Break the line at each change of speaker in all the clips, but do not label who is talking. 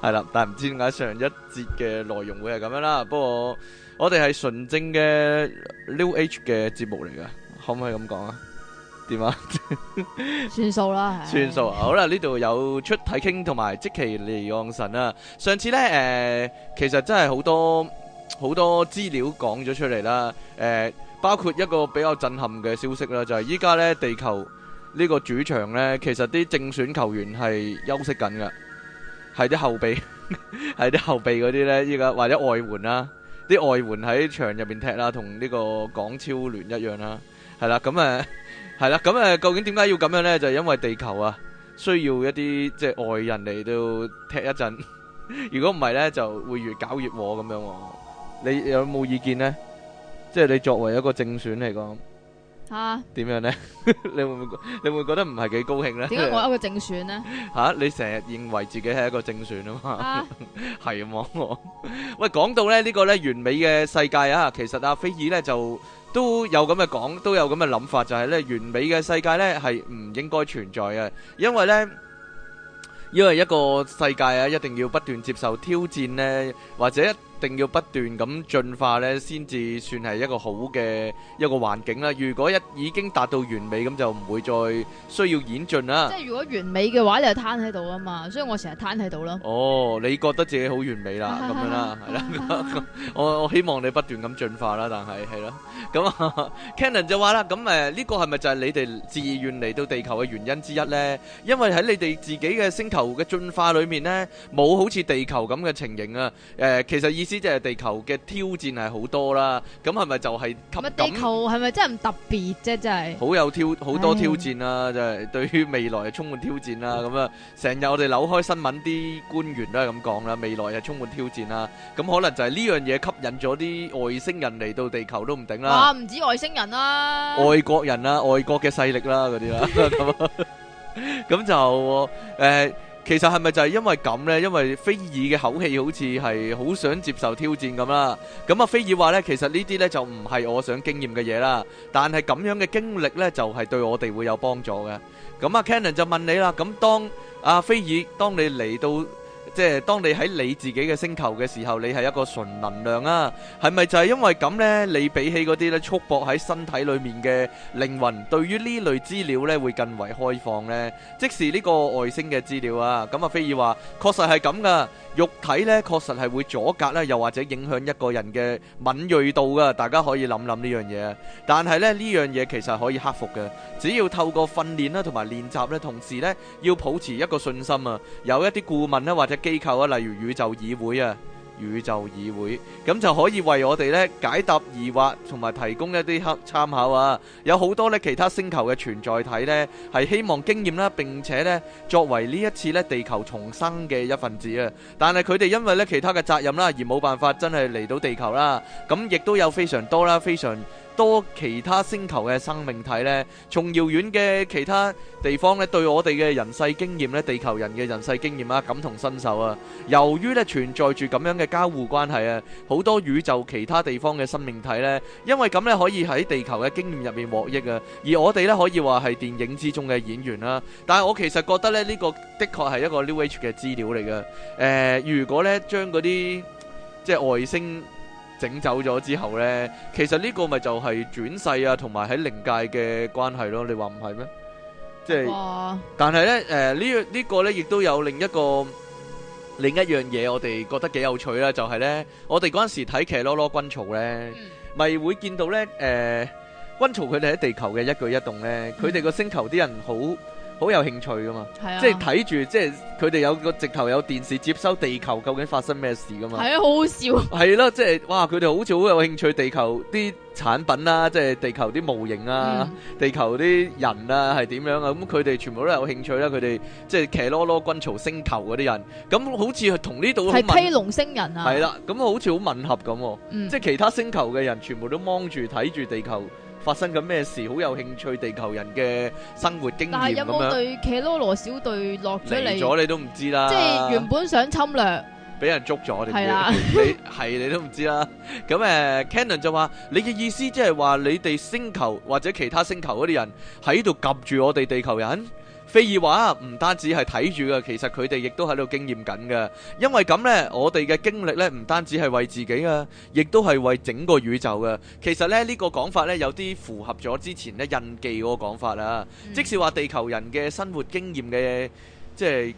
係啦，但係唔知點解上一節嘅內容會係咁樣啦。不過我哋係純正嘅 New Age 嘅節目嚟噶，可唔可以咁講啊？點啊？
算數啦， 算數。
好啦，呢度有出體傾同埋即期離岸神啦、啊。上次呢，誒、呃，其實真係好多好多資料講咗出嚟啦。誒、呃，包括一個比較震撼嘅消息啦，就係依家呢地球呢個主場呢，其實啲正選球員係休息緊噶。係啲後備，係 啲後備嗰啲呢，依家或者外援啦，啲外援喺場入邊踢啦，同呢個港超聯一樣啦，係啦，咁誒，係啦，咁誒，究竟點解要咁樣呢？就係、因為地球啊，需要一啲即係外人嚟到踢一陣，如果唔係呢，就會越搞越火咁樣喎。你有冇意見呢？即、就、係、係、你作為一個正選嚟講。吓？點樣咧？你會唔會你會唔會覺得唔係幾高興咧？點解我一個
正選咧？
吓！你成日認為自己係一個正選啊嘛？係啊嘛？喂，講到咧呢個咧完美嘅世界啊，其實阿菲爾咧就都有咁嘅講，都有咁嘅諗法，就係咧完美嘅世界咧係唔應該存在嘅，因為咧因為一個世界啊，一定要不斷接受挑戰咧，或者。定要不斷咁進化咧，先至算係一個好嘅一個環境啦。如果一已經達到完美，咁就唔會再需要演進啦。即
係如果完美嘅話，你就攤喺度啊嘛。所以我成日攤喺度咯。
哦，你覺得自己好完美啦，咁樣啦，係啦。我我希望你不斷咁進化啦，但係係咯。咁啊，Cannon 就話啦，咁誒呢個係咪就係你哋自願嚟到地球嘅原因之一咧？因為喺你哋自己嘅星球嘅進化裏面咧，冇好似地球咁嘅情形啊。誒，其實以。知即係地球嘅挑戰係好多啦，咁係咪就係吸
引？地球係咪真係唔特別啫？真係
好有挑好多挑戰啦，就係對於未來充滿挑戰啦。咁啊，成日我哋扭開新聞，啲官員都係咁講啦。未來又充滿挑戰啦。咁可能就係呢樣嘢吸引咗啲外星人嚟到地球都唔頂啦。啊，唔
止外星人啦，
外國人啦，外國嘅勢力啦，嗰啲啦。咁咁就誒。其實係咪就係因為咁咧？因為菲爾嘅口氣好似係好想接受挑戰咁啦。咁啊，菲爾話咧，其實呢啲咧就唔係我想經驗嘅嘢啦。但係咁樣嘅經歷咧，就係對我哋會有幫助嘅。咁啊，Cannon 就問你啦。咁當阿菲爾，當你嚟到。即係當你喺你自己嘅星球嘅時候，你係一個純能量啊，係咪就係因為咁呢？你比起嗰啲咧束縛喺身體裏面嘅靈魂，對於呢類資料呢會更為開放呢？即使呢個外星嘅資料啊，咁阿菲爾話確實係咁噶，肉體呢確實係會阻隔啦，又或者影響一個人嘅敏銳度噶。大家可以諗諗呢樣嘢，但係呢，呢樣嘢其實可以克服嘅，只要透過訓練啦，同埋練習呢，同時呢，要保持一個信心啊，有一啲顧問咧或者機構啊，例如宇宙議會啊，宇宙議會咁就可以為我哋咧解答疑惑，同埋提供一啲參參考啊。有好多咧其他星球嘅存在體咧，係希望經驗啦，並且咧作為呢一次咧地球重生嘅一份子啊。但係佢哋因為咧其他嘅責任啦，而冇辦法真係嚟到地球啦。咁亦都有非常多啦，非常。多其他星球嘅生命體咧，從遙遠嘅其他地方咧，對我哋嘅人世經驗咧，地球人嘅人世經驗啊，感同身受啊。由於咧存在住咁樣嘅交互關係啊，好多宇宙其他地方嘅生命體咧，因為咁咧可以喺地球嘅經驗入面獲益啊。而我哋咧可以話係電影之中嘅演員啦。但係我其實覺得咧呢個的確係一個 New Age 嘅資料嚟嘅。誒，如果咧將嗰啲即係外星。整走咗之後咧，其實呢個咪就係轉世啊，同埋喺靈界嘅關係咯。你話唔係咩？即係，但係咧，誒呢呢個咧，亦都有另一個另一樣嘢，我哋覺得幾有趣啦。就係咧，我哋嗰陣時睇《奇洛洛軍曹》咧，咪會見到咧，誒軍曹佢哋喺地球嘅一舉一動咧，佢哋個星球啲人好好有興趣㗎嘛，係啊、即係睇住，即係佢哋有個直頭有電視接收地球究竟發生咩事㗎嘛。係啊，好
好笑。
係咯， 即、就、係、係、哇！佢哋好似好有興趣地球啲產品啊，即係地球啲模型啊，嗯、地球啲人啊係點樣啊？咁佢哋全部都有興趣啦。佢哋即係騎攞攞軍曹星球嗰啲人，咁好似同呢度係披
龍星人啊。係啦，
咁好似好吻合咁、啊，嗯、即係其他星球嘅人全部都望住睇住地球。發生緊咩事？好有興趣地球人嘅生活經驗。但係有冇對
奇羅羅小隊落咗嚟？嚟咗你
都唔知啦。即係原
本想侵略，
俾人捉咗你。係啦，你係你都唔知啦。咁、uh, 誒，Canon 就話：你嘅意思即係話你哋星球或者其他星球嗰啲人喺度夾住我哋地球人。菲爾話：唔單止係睇住嘅，其實佢哋亦都喺度經驗緊嘅。因為咁呢，我哋嘅經歷呢，唔單止係為自己啊，亦都係為整個宇宙嘅。其實咧，呢、呢個講法呢，有啲符合咗之前呢，印記嗰個講法啦。嗯、即使話地球人嘅生活經驗嘅，即係。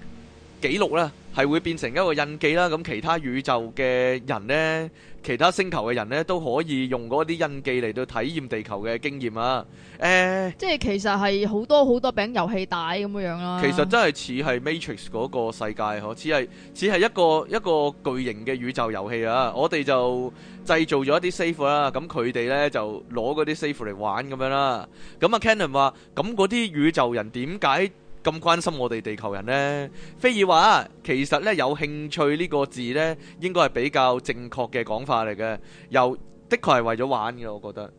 記錄咧係會變成一個印記啦，咁其他宇宙嘅人咧，其他星球嘅人咧都可以用嗰啲印記嚟到體驗地球嘅經驗啊！
誒，即係其實係好多好多餅遊戲帶咁樣啦。其實
真係似係 Matrix 嗰個世界呵，似係似係一個一個巨型嘅宇宙遊戲啊！我哋就製造咗一啲 save 啦，咁佢哋咧就攞嗰啲 save 嚟玩咁樣啦。咁啊，Cannon 話：咁嗰啲宇宙人點解咁關心我哋地球人呢？非爾話：其實呢，有興趣呢個字呢，應該係比較正確嘅講法嚟嘅。又的確係為咗玩嘅，我覺得。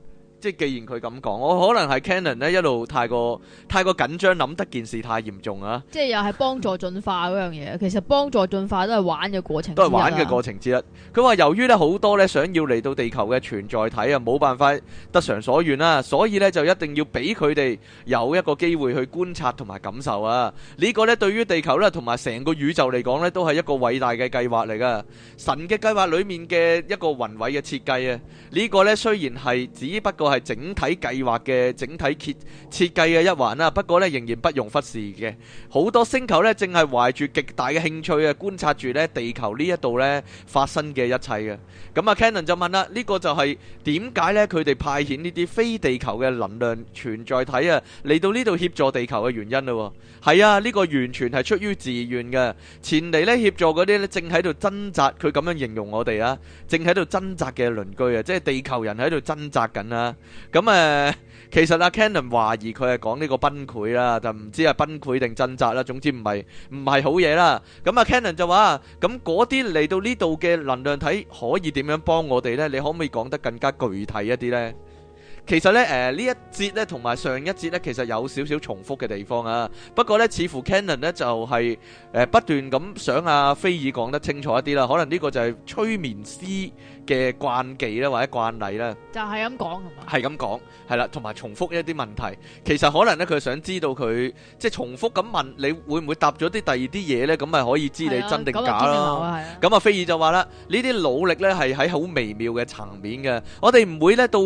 即係既然佢咁講，我可能係 Canon 咧一路太過太過緊張，諗得件事太嚴重啊！
即係又係幫助進化嗰樣嘢，其實幫助進化都係玩嘅過程，都係玩嘅過
程之一。佢話由於咧好多咧想要嚟到地球嘅存在體啊，冇辦法得償所願啦，所以咧就一定要俾佢哋有一個機會去觀察同埋感受啊！呢個咧對於地球咧同埋成個宇宙嚟講咧，都係一個偉大嘅計劃嚟噶。神嘅計劃裏面嘅一個宏偉嘅設計啊！呢個咧雖然係只不過。係整體計劃嘅整體設設計嘅一環啊。不過呢，仍然不容忽視嘅。好多星球呢，正係懷住極大嘅興趣啊，觀察住呢地球呢一度呢發生嘅一切嘅。咁啊 Cannon 就問啦：呢個就係點解呢？佢哋派遣呢啲非地球嘅能量存在體啊嚟到呢度協助地球嘅原因咯？係啊，呢個完全係出於自願嘅。前嚟呢協助嗰啲呢，正喺度掙扎，佢咁樣形容我哋啊，正喺度掙扎嘅鄰居啊，即係地球人喺度掙扎緊啊！咁誒、嗯，其實阿 Cannon 懷疑佢係講呢個崩潰啦，就唔知係崩潰定掙扎啦，總之唔係唔係好嘢啦。咁啊 Cannon 就話：咁嗰啲嚟到呢度嘅能量體可以點樣幫我哋呢？你可唔可以講得更加具體一啲呢？」其實咧，誒呢一節咧同埋上一節咧，其實有少少重複嘅地方啊。不過咧，似乎 Cannon 咧就係誒不斷咁想阿菲爾講得清楚一啲啦。可能呢個就係催眠師。嘅慣技咧，或者慣例咧，
就係咁講係
嘛？係咁講，係啦，同埋重複一啲問題，其實可能咧佢想知道佢即係重複咁問你會唔會答咗啲第二啲嘢咧？咁咪可以知你真定假囉。咁啊，菲爾就話啦：呢啲努力咧係喺好微妙嘅層面嘅，我哋唔會咧到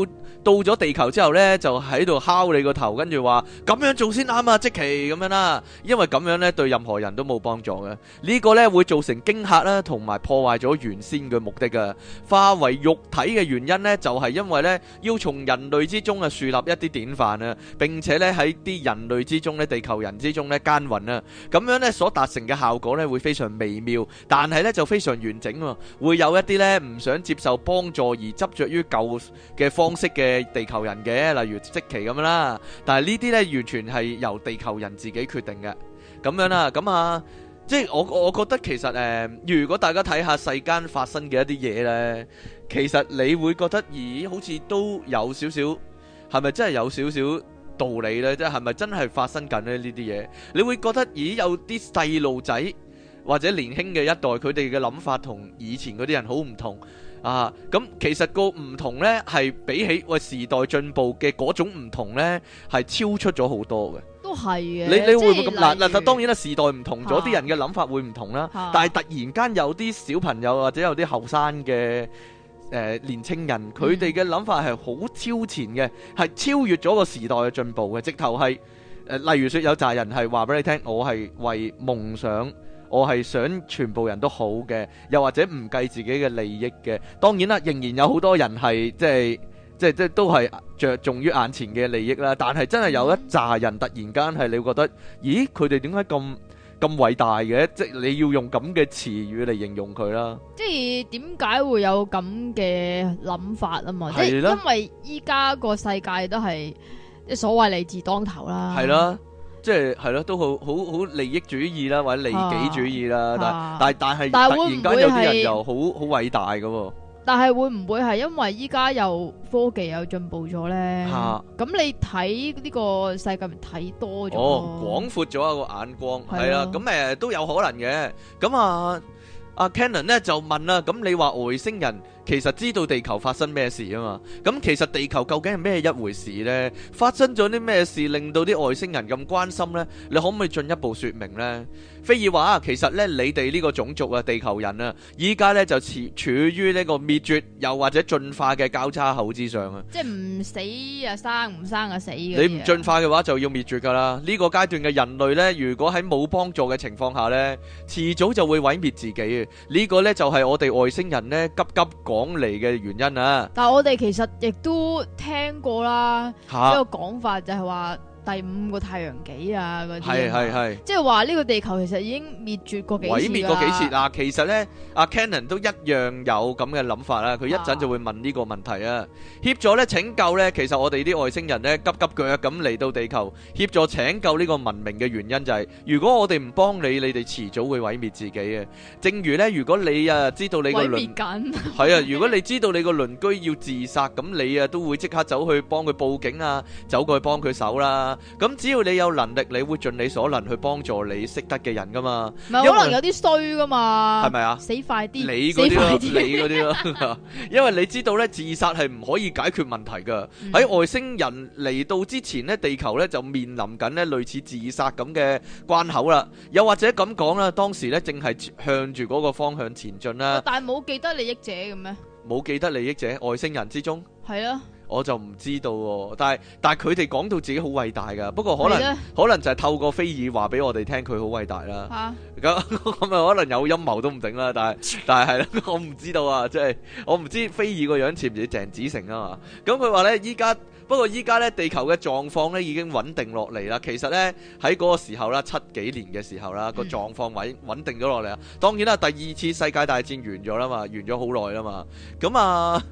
到咗地球之後咧就喺度敲你個頭，跟住話咁樣做先啱啊！即期咁樣啦，因為咁樣咧對任何人都冇幫助嘅，呢個咧會造成驚嚇啦，同埋破壞咗原先嘅目的嘅。花為肉體嘅原因呢，就係因為呢要從人類之中啊樹立一啲典範啊，並且呢喺啲人類之中呢，地球人之中呢耕耘啊，咁樣呢所達成嘅效果呢會非常微妙，但係呢就非常完整喎。會有一啲呢唔想接受幫助而執着於舊嘅方式嘅地球人嘅，例如積奇咁樣啦。但係呢啲呢完全係由地球人自己決定嘅。咁樣啦，咁啊。即係我我覺得其實誒，如果大家睇下世間發生嘅一啲嘢呢，其實你會覺得，咦？好似都有少少，係咪真係有少少道理呢？即係係咪真係發生緊呢啲嘢？你會覺得咦，有啲細路仔或者年輕嘅一代，佢哋嘅諗法同以前嗰啲人好唔同啊！咁其實個唔同呢，係比起喂時代進步嘅嗰種唔同呢，係超出咗好多嘅。
都係嘅，你你會唔會咁嗱嗱？就如
當然啦，時代唔同咗，啲、啊、人嘅諗法會唔同啦。啊、但係突然間有啲小朋友或者有啲後生嘅誒年青人，佢哋嘅諗法係好超前嘅，係超越咗個時代嘅進步嘅，直頭係誒，例如說有紮人係話俾你聽，我係為夢想，我係想全部人都好嘅，又或者唔計自己嘅利益嘅。當然啦，仍然有好多人係即係。就是即係即係都係着重於眼前嘅利益啦，但係真係有一扎人突然間係你會覺得，嗯、咦佢哋點解咁咁偉大嘅？即係你要用咁嘅詞語嚟形容佢啦。
即係點解會有咁嘅諗法啊嘛？即係因為依家個世界都係即所謂利字當頭啦。係啦、
啊，即係係咯，都好好好利益主義啦，或者利己主義啦。啊、但係但係但係突然間會會有啲人又好好偉大嘅、啊。
但係會唔會係因為依家又科技又進步咗咧？咁、啊、你睇呢個世界睇多咗？哦，廣闊
咗一個眼光，係啦的。咁誒都有可能嘅。咁啊，阿、啊、Cannon 咧就問啦，咁你話外星人？其實知道地球發生咩事啊嘛？咁其實地球究竟係咩一回事呢？發生咗啲咩事令到啲外星人咁關心呢？你可唔可以進一步說明呢？非爾話其實呢，你哋呢個種族啊，地球人啊，依家呢就處於呢個滅絕又或者進化嘅交叉口之上啊！
即係唔死啊生，唔生啊死嘅。你唔進化
嘅話就要滅絕噶啦！呢個階段嘅人類呢，如果喺冇幫助嘅情況下呢，遲早就會毀滅自己啊！呢個呢就係我哋外星人呢急急講。講嚟嘅原因啊，
但係我哋其實亦都聽過啦，一個講法就係話，第五個太陽紀啊，嗰啲係係係，即係話呢個地球其實已經滅絕過幾次啦。毀滅過幾次
啊？其實咧，阿 Cannon 都一樣有咁嘅諗法啦。佢一陣就會問呢個問題啊。協助咧拯救咧，其實我哋啲外星人咧急急腳咁嚟到地球協助拯救呢個文明嘅原因就係，如果我哋唔幫你，你哋遲早會毀滅自己嘅。正如咧，如果你啊知道你個
鄰，係啊，
如果你知道你個鄰居要自殺，咁你啊都會即刻走去幫佢報警啊，走過去幫佢手啦。咁只要你有能力，你會盡你所能去幫助你識得嘅人噶嘛？唔係，可能有啲
衰噶嘛？係咪啊？死快啲！你嗰啲咯，你嗰啲咯，
因為你知道咧，自殺係唔可以解決問題噶。喺外星人嚟到之前咧，地球咧就面臨緊咧類似自殺咁嘅關口啦。又或者咁講啦，當時咧正係向住嗰個方向前進啦。
但係冇記得利益者嘅咩？
冇記得利益者，外星人之中係啊。我就唔知道喎、啊，但係但係佢哋講到自己好偉大噶，不過可能的可能就係透過菲爾話俾我哋聽佢好偉大啦。咁咁咪可能有陰謀都唔定啦，但係 但係係啦，我唔知道啊，即係我唔知菲爾個樣似唔似鄭子誠啊嘛？咁佢話呢，依家不過依家呢，地球嘅狀況呢已經穩定落嚟啦。其實呢，喺嗰個時候啦，七幾年嘅時候啦，個狀況穩穩定咗落嚟啊。 當然啦，第二次世界大戰完咗啦嘛，完咗好耐啦嘛，咁啊。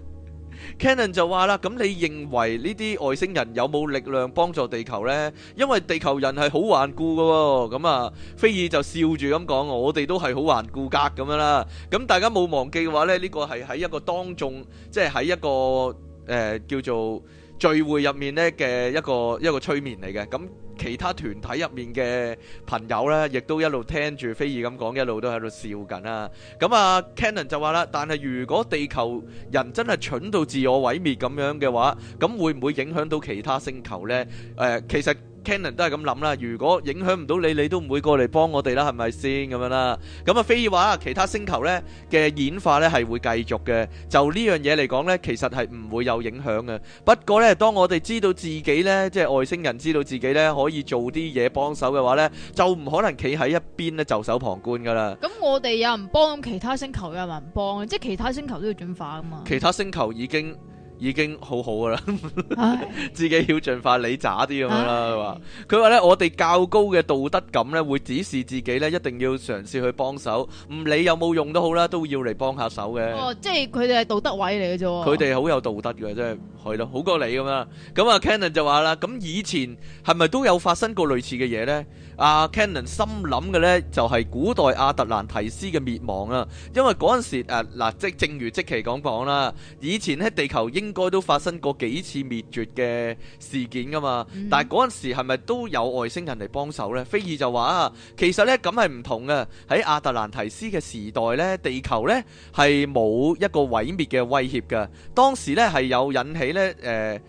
Canon 就話啦，咁你認為呢啲外星人有冇力量幫助地球呢？因為地球人係好頑固㗎喎。咁啊，菲爾就笑住咁講：我哋都係好頑固格咁樣啦。咁大家冇忘記嘅話呢，呢、呢個係喺一個當眾，即係喺一個、呃、叫做聚會入面呢嘅一個一個催眠嚟嘅，咁其他團體入面嘅朋友呢，亦都一路聽住菲爾咁講，一路都喺度笑緊啦。咁啊，Cannon 就話啦，但係如果地球人真係蠢到自我毀滅咁樣嘅話，咁會唔會影響到其他星球呢？呃，誒，其實。Canon 都係咁諗啦，如果影響唔到你，你都唔會過嚟幫我哋啦，係咪先咁樣啦？咁啊，菲爾話啊，其他星球咧嘅演化咧係會繼續嘅，就呢樣嘢嚟講咧，其實係唔會有影響嘅。不過咧，當我哋知道自己咧，即係外星人知道自己咧可以做啲嘢幫手嘅話咧，就唔可能企喺一邊咧袖手旁觀噶啦。
咁我哋有人幫，咁其他星球有人幫，即係其他星球都要轉化噶嘛。其他
星球已經。已經好好噶啦， 自己要進化你渣啲咁樣啦，係佢話，佢話咧，我哋較高嘅道德感咧，會指示自己咧一定要嘗試去幫手，唔理有冇用都好啦，都要嚟幫下手嘅。哦，
即係佢哋係道德位嚟嘅啫。佢哋
好有道德嘅，真係去得好過你咁啦。咁啊，Cannon 就話啦，咁以前係咪都有發生過類似嘅嘢咧？阿 Cannon、啊、心諗嘅呢，就係、是、古代亞特蘭提斯嘅滅亡啊！因為嗰陣時嗱、啊，即正如即奇講講啦，以前喺地球應該都發生過幾次滅絕嘅事件噶嘛，嗯、但嗰陣時係咪都有外星人嚟幫手呢？菲爾就話啊，其實呢咁係唔同嘅，喺亞特蘭提斯嘅時代呢，地球呢係冇一個毀滅嘅威脅㗎。當時呢係有引起呢。誒、呃。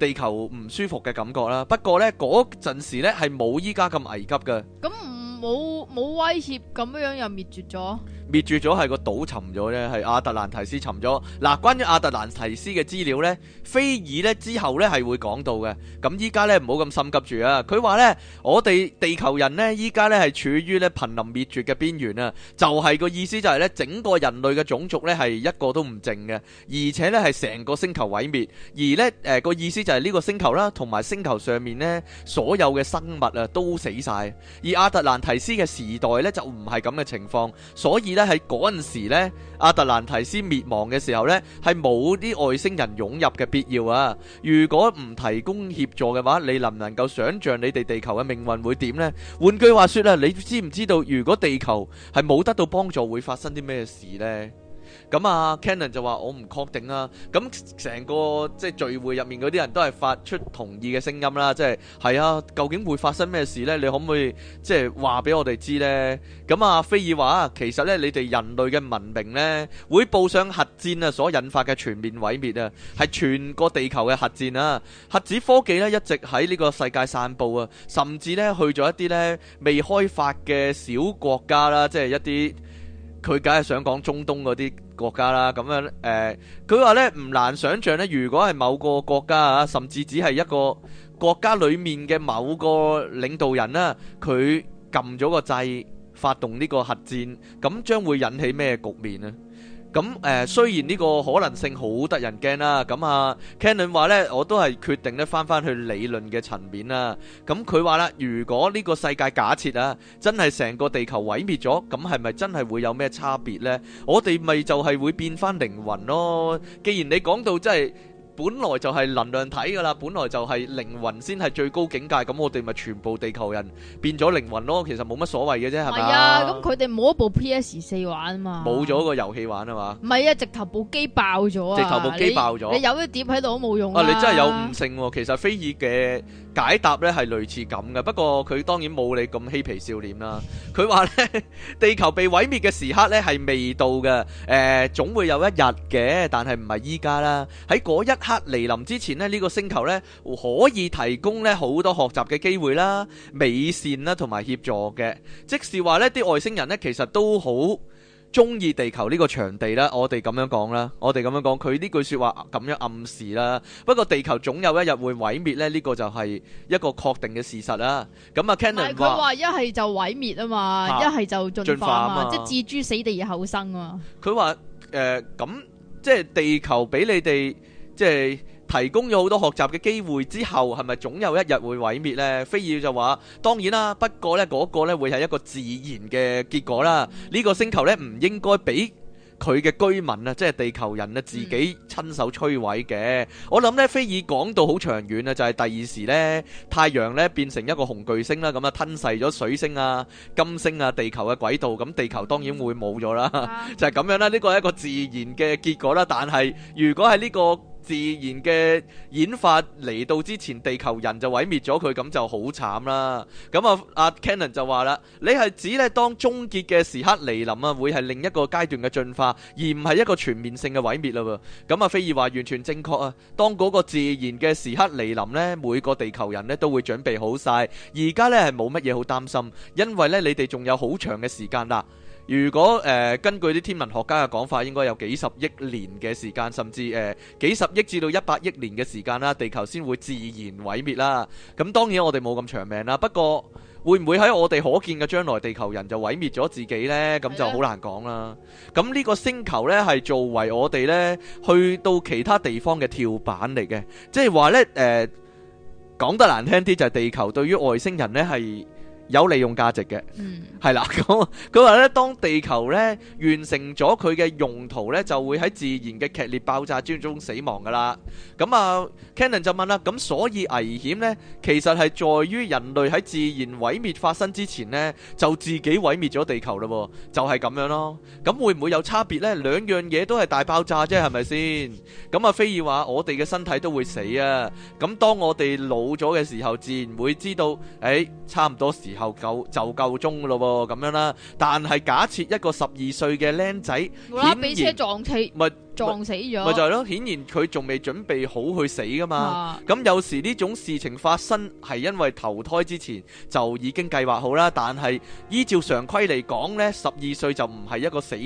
地球唔舒服嘅感覺啦，不過呢嗰陣時呢係冇依家咁危急嘅，
咁冇冇威脅咁樣又滅絕咗。
滅絕咗係個島沉咗咧，係亞特蘭提斯沉咗。嗱、啊，關於亞特蘭提斯嘅資料咧，菲爾咧之後咧係會講到嘅。咁依家咧唔好咁心急住啊。佢話咧，我哋地球人咧依家咧係處於咧瀕臨滅絕嘅邊緣啊。就係、是、個意思就係咧，整個人類嘅種族咧係一個都唔剩嘅，而且咧係成個星球毀滅，而咧誒個意思就係呢個星球啦，同埋星球上面咧所有嘅生物啊都死晒。而亞特蘭提斯嘅時代咧就唔係咁嘅情況，所以咧。喺嗰陣時呢，亞特蘭提斯滅亡嘅時候呢，係冇啲外星人湧入嘅必要啊！如果唔提供協助嘅話，你能唔能夠想象你哋地球嘅命運會點呢？換句話說啦，你知唔知道如果地球係冇得到幫助，會發生啲咩事呢？咁啊 Cannon 就話我唔確定啊。咁成個即係聚會入面嗰啲人都係發出同意嘅聲音啦，即係係啊，究竟會發生咩事咧？你可唔可以即係話俾我哋知咧？咁啊，菲爾話其實咧，你哋人類嘅文明咧，會步上核戰啊所引發嘅全面毀滅啊，係全個地球嘅核戰啊。核子科技咧一直喺呢個世界散佈啊，甚至咧去咗一啲咧未開發嘅小國家啦，即係一啲。佢梗係想講中東嗰啲國家啦，咁樣誒，佢話呢，唔難想像呢，如果係某個國家啊，甚至只係一個國家裡面嘅某個領導人啦，佢撳咗個掣，發動呢個核戰，咁將會引起咩局面呢？咁誒、呃，雖然呢個可能性好得人驚啦，咁啊，Cannon 話呢，我都係決定咧翻翻去理論嘅層面啦。咁佢話啦，如果呢個世界假設啊，真係成個地球毀滅咗，咁係咪真係會有咩差別呢？我哋咪就係會變翻靈魂咯。既然你講到真係，本來就係能量體噶啦，本來就係靈魂先係最高境界，咁我哋咪全部地球人變咗靈魂咯，其實冇乜所謂嘅啫，係咪啊？咁
佢哋冇一部 PS 四玩啊嘛，冇
咗個遊戲玩啊嘛，
唔係啊，直頭部機爆咗啊，直頭部機爆咗，你有啲碟喺度都冇用啊，啊，你真係有悟
性，啊，其實飛爾嘅。解答咧係類似咁嘅，不過佢當然冇你咁嬉皮笑臉啦。佢話呢，地球被毀滅嘅時刻呢係未到嘅，誒、呃、總會有一日嘅，但係唔係依家啦。喺嗰一刻嚟臨之前呢，呢、呢個星球呢可以提供呢好多學習嘅機會啦、美善啦同埋協助嘅，即是話呢啲外星人呢，其實都好中意地球呢個場地啦，我哋咁樣講啦，我哋咁樣講，佢呢句說話咁樣暗示啦。不過地球總有一日會毀滅咧，呢、呢個就係一個確定嘅事實啦。咁啊，Canner 哥，係佢話
一係就毀滅啊嘛，一係、啊、就進化嘛，化嘛即係置諸死地而後生啊嘛。
佢話誒咁，即係地球俾你哋即係。提供咗好多學習嘅機會之後，係咪總有一日會毀滅呢？菲爾就話：當然啦，不過呢嗰個呢會係一個自然嘅結果啦。呢個星球呢唔應該俾佢嘅居民啊，即係地球人啊自己親手摧毀嘅。我諗呢，菲爾講到好長遠啊，就係第二時呢，太陽呢變成一個紅巨星啦，咁啊吞噬咗水星啊、金星啊、地球嘅軌道，咁地球當然會冇咗啦，就係咁樣啦。呢個係一個自然嘅結果啦。但係如果係呢個，自然嘅演化嚟到之前，地球人就毀滅咗佢，咁就好慘啦。咁啊，阿 Cannon 就話啦，你係指呢，當終結嘅時刻嚟臨啊，會係另一個階段嘅進化，而唔係一個全面性嘅毀滅嘞。噉啊，菲爾話完全正確啊。當嗰個自然嘅時刻嚟臨呢，每個地球人呢都會準備好晒。而家呢，係冇乜嘢好擔心，因為呢，你哋仲有好長嘅時間啦。如果誒、呃、根據啲天文學家嘅講法，應該有幾十億年嘅時間，甚至誒、呃、幾十億至到一百億年嘅時間啦，地球先會自然毀滅啦。咁當然我哋冇咁長命啦，不過會唔會喺我哋可見嘅將來，地球人就毀滅咗自己呢？咁就好難講啦。咁呢個星球呢，係作為我哋呢去到其他地方嘅跳板嚟嘅，即係話呢，誒、呃、講得難聽啲就係、係、地球對於外星人呢係，係有利用價值嘅，嗯，係啦。咁佢話咧，當地球咧完成咗佢嘅用途咧，就會喺自然嘅劇烈爆炸之中死亡㗎啦。咁啊，Cannon 就問啦：咁所以危險咧，其實係在於人類喺自然毀滅發生之前咧，就自己毀滅咗地球咯，就係咁樣咯。咁會唔會有差別咧？兩樣嘢都係大爆炸啫，係咪先？咁啊，菲爾話：我哋嘅身體都會死啊。咁當我哋老咗嘅時候，自然會知道，誒，差唔多時候。夠夠就夠鐘咯喎，咁樣啦。但係假設一個十二歲嘅僆仔，顯然俾車撞死咪撞
死咗咪就係
咯。顯然佢仲未準備好去死噶嘛。咁有時呢種事情發生係因為投胎之前就已經計劃好啦。但係依照常規嚟講呢，十二歲就唔係一個死。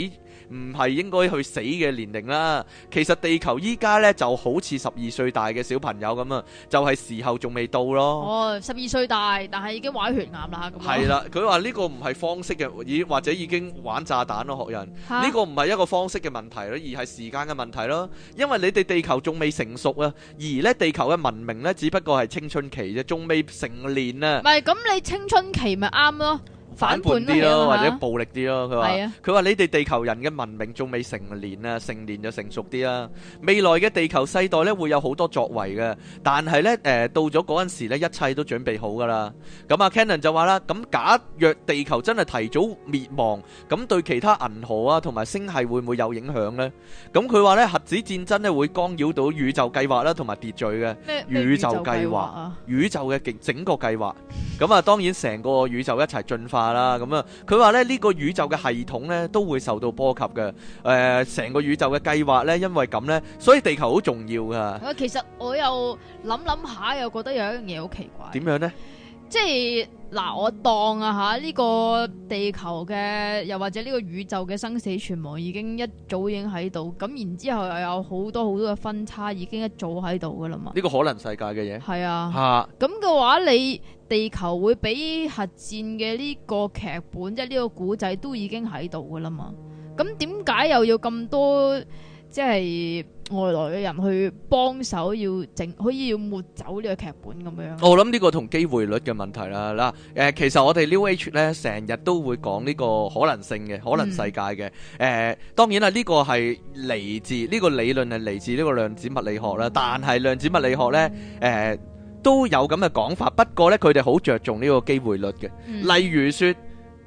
唔係應該去死嘅年齡啦，其實地球依家呢就好似十二歲大嘅小朋友咁啊，就係時候仲未到咯。哦，
十二歲大，但係已經玩血癌啦。係啦，
佢話呢個唔係方式嘅，或者已經玩炸彈咯，學人呢哈個唔係一個方式嘅問題咯，而係時間嘅問題咯。因為你哋地球仲未成熟啊，而呢地球嘅文明呢，只不過係青春期啫，仲未成年啊。唔
係，咁你青春期咪啱咯。反叛啲咯，或者暴
力啲咯。佢話：佢話你哋地球人嘅文明仲未成年啊，成年就成熟啲啦。未來嘅地球世代咧，會有好多作為嘅。但係咧，誒到咗嗰陣時咧，一切都準備好㗎啦。咁啊，Cannon 就話啦：咁假若地球真係提早滅亡，咁對其他銀河啊同埋星系會唔會有影響呢？咁佢話咧，核子戰爭咧會干擾到宇宙計劃啦，同埋秩序嘅宇宙計劃，宇宙嘅整整個計劃。咁啊，當然成個宇宙一齊進化。係啦，咁啊，佢話咧呢，這個宇宙嘅系統咧都會受到波及嘅，誒、呃，成個宇宙嘅計劃咧，因為咁咧，所以地球好重要噶。
其實我又諗諗下，又覺得有一樣嘢好奇怪。點樣呢？即係嗱，我當啊吓呢個地球嘅，又或者呢個宇宙嘅生死存亡已經一早已經喺度，咁然後之後又有好多好多嘅分叉已經一早喺度噶啦嘛。呢個
可能世界嘅嘢係
啊，吓咁嘅話你。地球會俾核戰嘅呢個劇本，即係呢個古仔都已經喺度噶啦嘛。咁點解又要咁多即係、就是、外來嘅人去幫手要整，可以要抹走呢個劇本咁樣？我
諗呢個同機會率嘅問題啦。嗱，誒，其實我哋 New Age 咧成日都會講呢個可能性嘅可能世界嘅。誒、嗯呃，當然啦，呢、呢個係嚟自呢個理論係嚟自呢個量子物理學啦。但係量子物理學咧，誒、嗯呃。都有咁嘅講法，不過呢，佢哋好著重呢個機會率嘅。例如說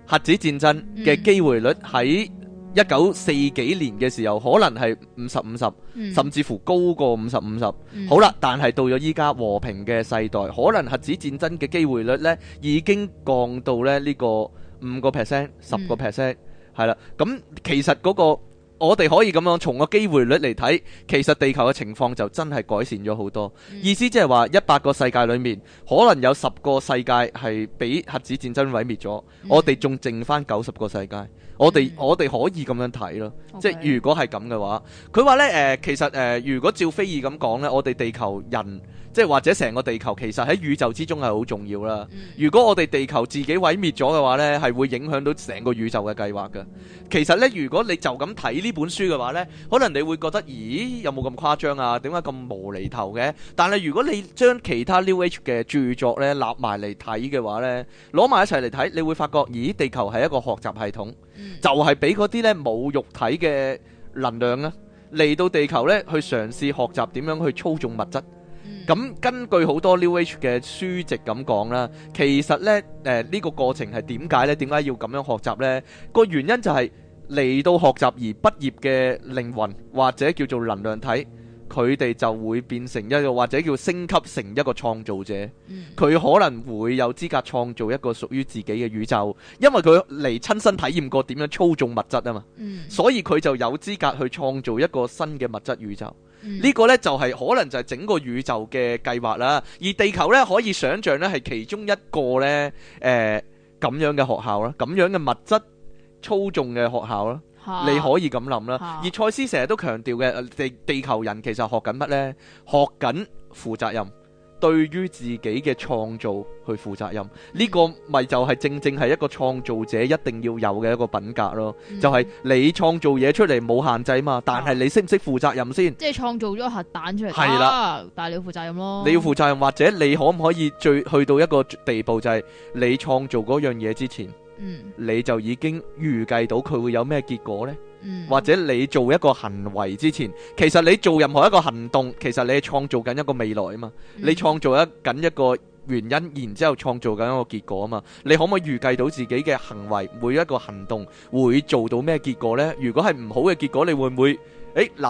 核子戰爭嘅機會率喺一九四幾年嘅時候，可能係五十五十，甚至乎高過五十五十。好啦，但係到咗依家和平嘅世代，可能核子戰爭嘅機會率呢，已經降到呢呢個五個 percent、十個 percent 係啦。咁其實嗰個。我哋可以咁樣從個機會率嚟睇，其實地球嘅情況就真係改善咗好多。嗯、意思即係話一百個世界裏面，可能有十個世界係俾核子戰爭毀滅咗，嗯、我哋仲剩翻九十個世界。我哋、嗯、我哋可以咁樣睇咯，即係 Okay. 如果係咁嘅話，佢話呢，誒、呃，其實誒、呃，如果照菲爾咁講呢，我哋地球人。即係或者成個地球其實喺宇宙之中係好重要啦。如果我哋地球自己毀滅咗嘅話呢，係會影響到成個宇宙嘅計劃嘅。其實呢，如果你就咁睇呢本書嘅話呢，可能你會覺得咦，有冇咁誇張啊？點解咁無厘頭嘅？但係如果你將其他 New Age 嘅著作呢立埋嚟睇嘅話呢，攞埋一齊嚟睇，你會發覺咦，地球係一個學習系統，就係俾嗰啲呢冇肉體嘅能量啊，嚟到地球呢去嘗試學習點樣去操縱物質。咁根據好多 New Age 嘅書籍咁講啦，其實呢呢、呃呢個過程係點解呢？點解要咁樣學習呢？個原因就係、是、嚟到學習而畢業嘅靈魂或者叫做能量體，佢哋就會變成一個或者叫升級成一個創造者。佢可能會有資格創造一個屬於自己嘅宇宙，因為佢嚟親身體驗過點樣操縱物質啊嘛。所以佢就有資格去創造一個新嘅物質宇宙。呢、嗯、個呢，就係、是、可能就係整個宇宙嘅計劃啦，而地球呢，可以想象，呢，係其中一個呢誒咁、呃、樣嘅學校啦，咁樣嘅物質操縱嘅學校啦，哈你可以咁諗啦。哈而賽斯成日都強調嘅地地球人其實學緊乜呢？學緊負責任。對於自己嘅創造去負責任，呢個咪就係正正係一個創造者一定要有嘅一個品格咯。嗯、就係你創造嘢出嚟冇限制嘛，但係你識唔識負責任先、啊？
即係創造咗核彈出嚟，係啦，但係你要負責任咯。你要負
責任，或者你可唔可以最去到一個地步，就係你創造嗰樣嘢之前？嗯，你就已經預計到佢會有咩結果呢？嗯，或者你做一個行為之前，其實你做任何一個行動，其實你係創造緊一個未來啊嘛，你創造一緊一個原因，然之後創造緊一個結果啊嘛，你可唔可以預計到自己嘅行為每一個行動會做到咩結果呢？如果係唔好嘅結果，你會唔會誒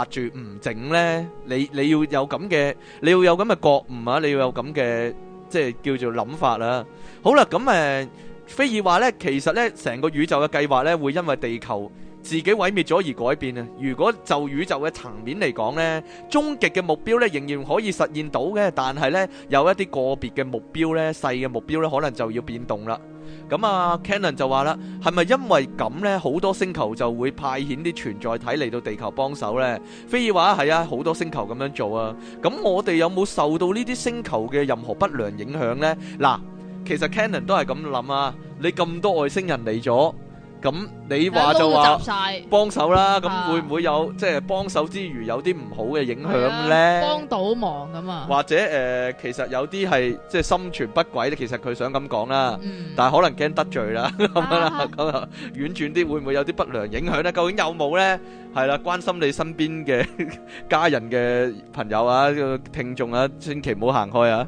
立住唔整呢？你你要有咁嘅，你要有咁嘅覺悟啊，你要有咁嘅即係叫做諗法啦、啊。好啦，咁、嗯、誒。菲爾話呢，其實呢成個宇宙嘅計劃呢，會因為地球自己毀滅咗而改變啊！如果就宇宙嘅層面嚟講呢，終極嘅目標呢，仍然可以實現到嘅，但係呢，有一啲個別嘅目標呢，細嘅目標呢，可能就要變動啦。咁啊，Cannon 就話啦，係咪因為咁呢？好多星球就會派遣啲存在體嚟到地球幫手呢？菲爾話係啊，好多星球咁樣做啊！咁我哋有冇受到呢啲星球嘅任何不良影響呢？嗱，其實 Canon 都係咁諗啊！你咁多外星人嚟咗，咁你話就話幫手啦。咁會唔會有即係幫手之餘有啲唔好嘅影響咧？幫
到忙啊嘛！或
者誒，其實有啲係即係心存不軌咧。其實佢想咁講啦，但係可能驚得罪啦咁樣啦。咁啊，婉轉啲會唔會有啲不良影響咧？究竟有冇咧？係啦，關心你身邊嘅家人嘅朋友啊，聽眾啊，千祈唔好行開啊！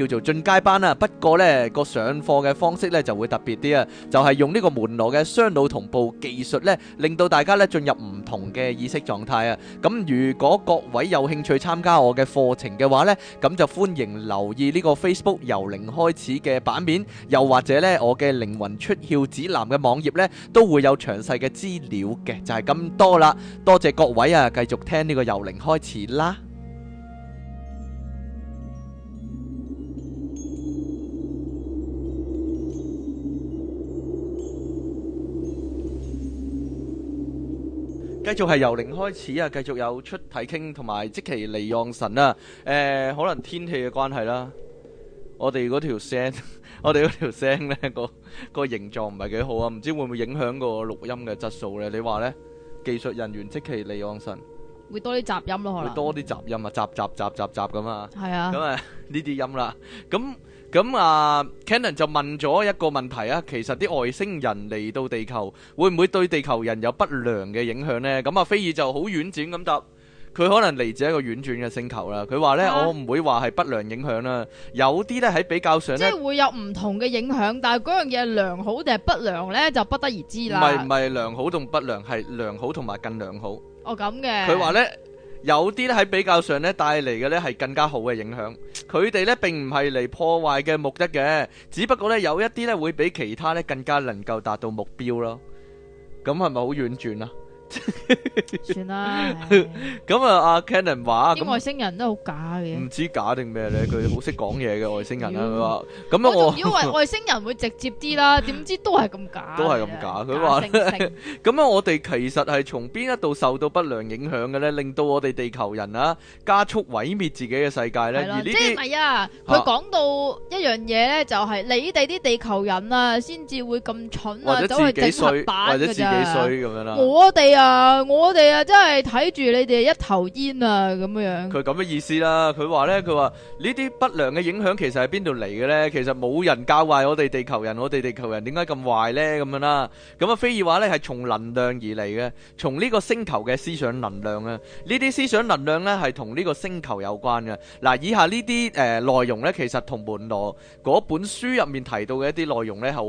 叫做進階班啊，不過呢個上課嘅方式呢就會特別啲啊，就係用呢個門羅嘅雙腦同步技術呢，令到大家呢進入唔同嘅意識狀態啊。咁如果各位有興趣參加我嘅課程嘅話呢，咁就歡迎留意呢個 Facebook 由零開始嘅版面，又或者呢我嘅靈魂出竅指南嘅網頁呢都會有詳細嘅資料嘅，就係咁多啦。多謝各位啊，繼續聽呢個由零開始啦。繼續係由零開始啊！繼續有出體傾同埋即其尼讓神啊！誒，可能天氣嘅關係啦，我哋嗰條聲，我哋嗰條聲咧個個形狀唔係幾好啊！唔知會唔會影響個錄音嘅質素咧？你話咧，技術人員即其尼讓神
會多啲雜音咯，可能會多啲
雜音啊！雜雜雜雜雜咁啊，係啊，咁啊呢啲音啦，咁。咁啊，Cannon 就問咗一個問題啊，其實啲外星人嚟到地球，會唔會對地球人有不良嘅影響咧？咁啊，菲爾就好婉轉咁答，佢可能嚟自一個婉轉嘅星球啦。佢話咧，我唔會話係不良影響啦，有啲咧喺比較上咧即係
會有唔同嘅影響，但係嗰樣嘢良好定係不良咧，就不得而知啦。唔係，
唔係良好同不良，係良好同埋更良好。
哦，咁嘅。佢話咧。
有啲咧喺比較上咧帶嚟嘅咧係更加好嘅影響，佢哋咧並唔係嚟破壞嘅目的嘅，只不過咧有一啲咧會比其他咧更加能夠達到目標咯。咁係咪好婉轉啊？算啦，咁啊阿 Canon 話啲外星
人都好假嘅，唔
知假定咩咧？佢好識講嘢嘅外星人啦，佢話咁樣，我仲以為外
星人會直接啲啦，點知都係咁假，都係
咁假。佢話咁樣，我哋其實係從邊一度受到不良影響嘅咧，令到我哋地球人啊加速毀滅自己嘅世界咧。係咯，即係係啊！
佢講到一樣嘢咧，就係你哋啲地球人啊，先至會咁蠢啊，都係幾衰嘅咋，或者自己衰咁樣啦。我哋啊～啊！我哋啊，真係睇住你哋一頭煙啊，咁樣。佢
咁嘅意思啦。佢話呢，佢話呢啲不良嘅影響其實係邊度嚟嘅呢？其實冇人教壞我哋地球人，我哋地球人點解咁壞呢？咁樣啦。咁啊，菲爾話呢，係從能量而嚟嘅，從呢個星球嘅思想能量啊。呢啲思想能量呢係同呢個星球有關嘅。嗱，以下呢啲誒內容呢，其實同門羅嗰本書入面提到嘅一啲內容呢，好。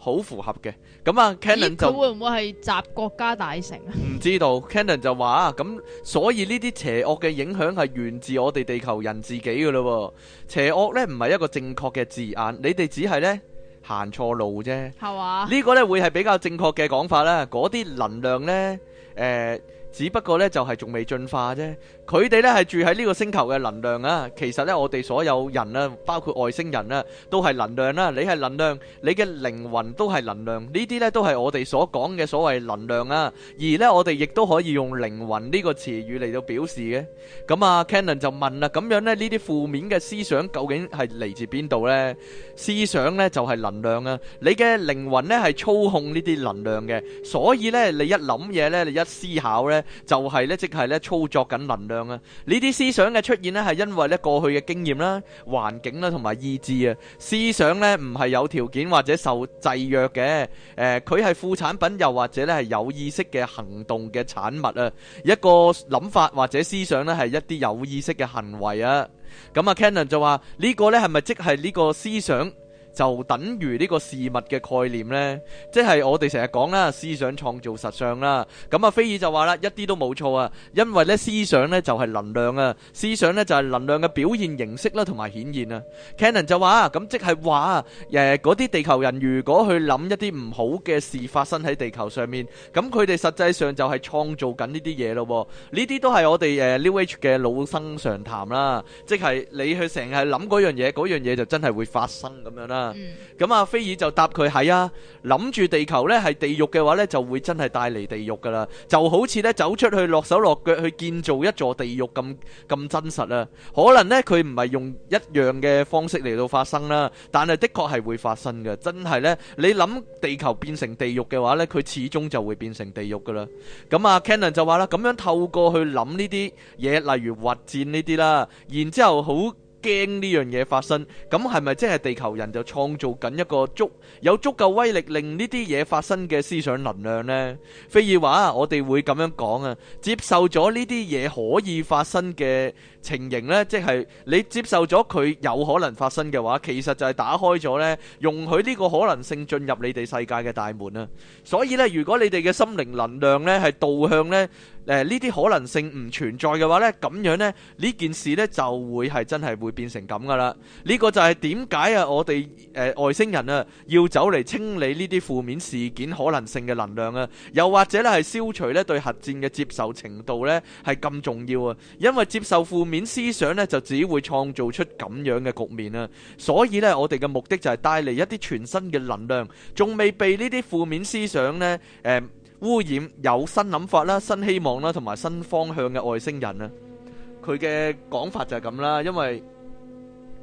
好符合嘅，咁啊 Cannon 就
會唔會係集國家大成？啊？唔
知道 Cannon 就話咁所以呢啲邪惡嘅影響係源自我哋地球人自己㗎咯喎，邪惡呢唔係一個正確嘅字眼，你哋只係呢，行錯路啫，係嘛吧？呢個呢會係比較正確嘅講法啦，嗰啲能量呢，呃、只不過呢就係仲未進化啫。佢哋咧係住喺呢個星球嘅能量啊！其實咧，我哋所有人啊，包括外星人啊，都係能量啦。你係能量，你嘅靈魂都係能量。呢啲咧都係我哋所講嘅所謂能量啊。而咧，我哋亦都可以用靈魂呢個詞語嚟到表示嘅。咁啊，Cannon 就問啦：咁樣咧，呢啲負面嘅思想究竟係嚟自邊度咧？思想咧就係能量啊！你嘅靈魂咧係操控呢啲能量嘅，所以咧你一諗嘢咧，你一思考咧，就係咧即係咧操作緊能量。呢啲思想嘅出現呢係因為呢過去嘅經驗啦、環境啦同埋意志啊。思想呢唔係有條件或者受制約嘅。佢、呃、係副產品，又或者係有意識嘅行動嘅產物啊。一個諗法或者思想呢係一啲有意識嘅行為啊。咁啊 Cannon 就話：呢、呢個呢係咪即係呢個思想？就等於呢個事物嘅概念呢，即係我哋成日講啦，思想創造實相啦。咁啊，菲爾就話啦，一啲都冇錯啊，因為呢思想呢就係能量啊，思想呢就係能量嘅表現形式啦，同埋顯現啊。Cannon 就話啊，咁即係話啊，嗰、呃、啲地球人如果去諗一啲唔好嘅事發生喺地球上面，咁佢哋實際上就係創造緊呢啲嘢咯。呢啲都係我哋誒、呃、New Age 嘅老生常談啦，即係你去成日諗嗰樣嘢，嗰樣嘢就真係會發生咁樣啦。咁、嗯、啊，菲爾就答佢係啊，諗住地球呢係地獄嘅話呢，就會真係帶嚟地獄噶啦，就好似呢，走出去落手落腳去建造一座地獄咁咁真實啦，可能呢，佢唔係用一樣嘅方式嚟到發生啦，但係的確係會發生嘅，真係呢，你諗地球變成地獄嘅話呢，佢始終就會變成地獄噶啦。咁、嗯、啊，Cannon 就話啦，咁樣透過去諗呢啲嘢，例如核戰呢啲啦，然之後好。驚呢樣嘢發生，咁係咪即係地球人就創造緊一個足有足夠威力令呢啲嘢發生嘅思想能量呢？非爾話，我哋會咁樣講啊，接受咗呢啲嘢可以發生嘅。情形咧，即係你接受咗佢有可能發生嘅話，其實就係打開咗咧，容許呢個可能性進入你哋世界嘅大門啊！所以咧，如果你哋嘅心靈能量咧係導向咧，誒呢啲可能性唔存在嘅話咧，咁樣咧呢件事咧就會係真係會變成咁噶啦！呢個就係點解啊，我哋誒外星人啊要走嚟清理呢啲負面事件可能性嘅能量啊，又或者咧係消除咧對核戰嘅接受程度咧係咁重要啊，因為接受負面思想咧就只會創造出咁樣嘅局面啦，所以咧我哋嘅目的就係帶嚟一啲全新嘅能量，仲未被呢啲負面思想咧誒污染，有新諗法啦、新希望啦同埋新方向嘅外星人啊！佢嘅講法就係咁啦，因為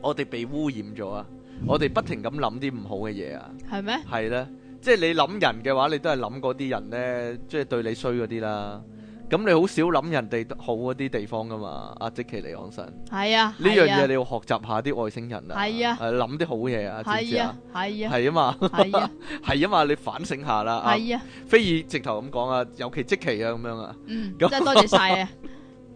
我哋被污染咗啊，我哋不停咁諗啲唔好嘅嘢啊，係咩？係啦，即係你諗人嘅話，你都係諗嗰啲人咧，即係對你衰嗰啲啦。咁你好少諗人哋好嗰啲地方噶嘛？阿即奇嚟講神，
係啊，呢樣嘢你
要學習下啲外星人啊，係啊，諗啲好嘢啊，係啊，係啊，
係
啊嘛，係啊，係啊嘛，你反省下啦，係啊，菲爾直頭咁講啊，尤其即奇啊咁樣啊，嗯，
咁真係多謝晒。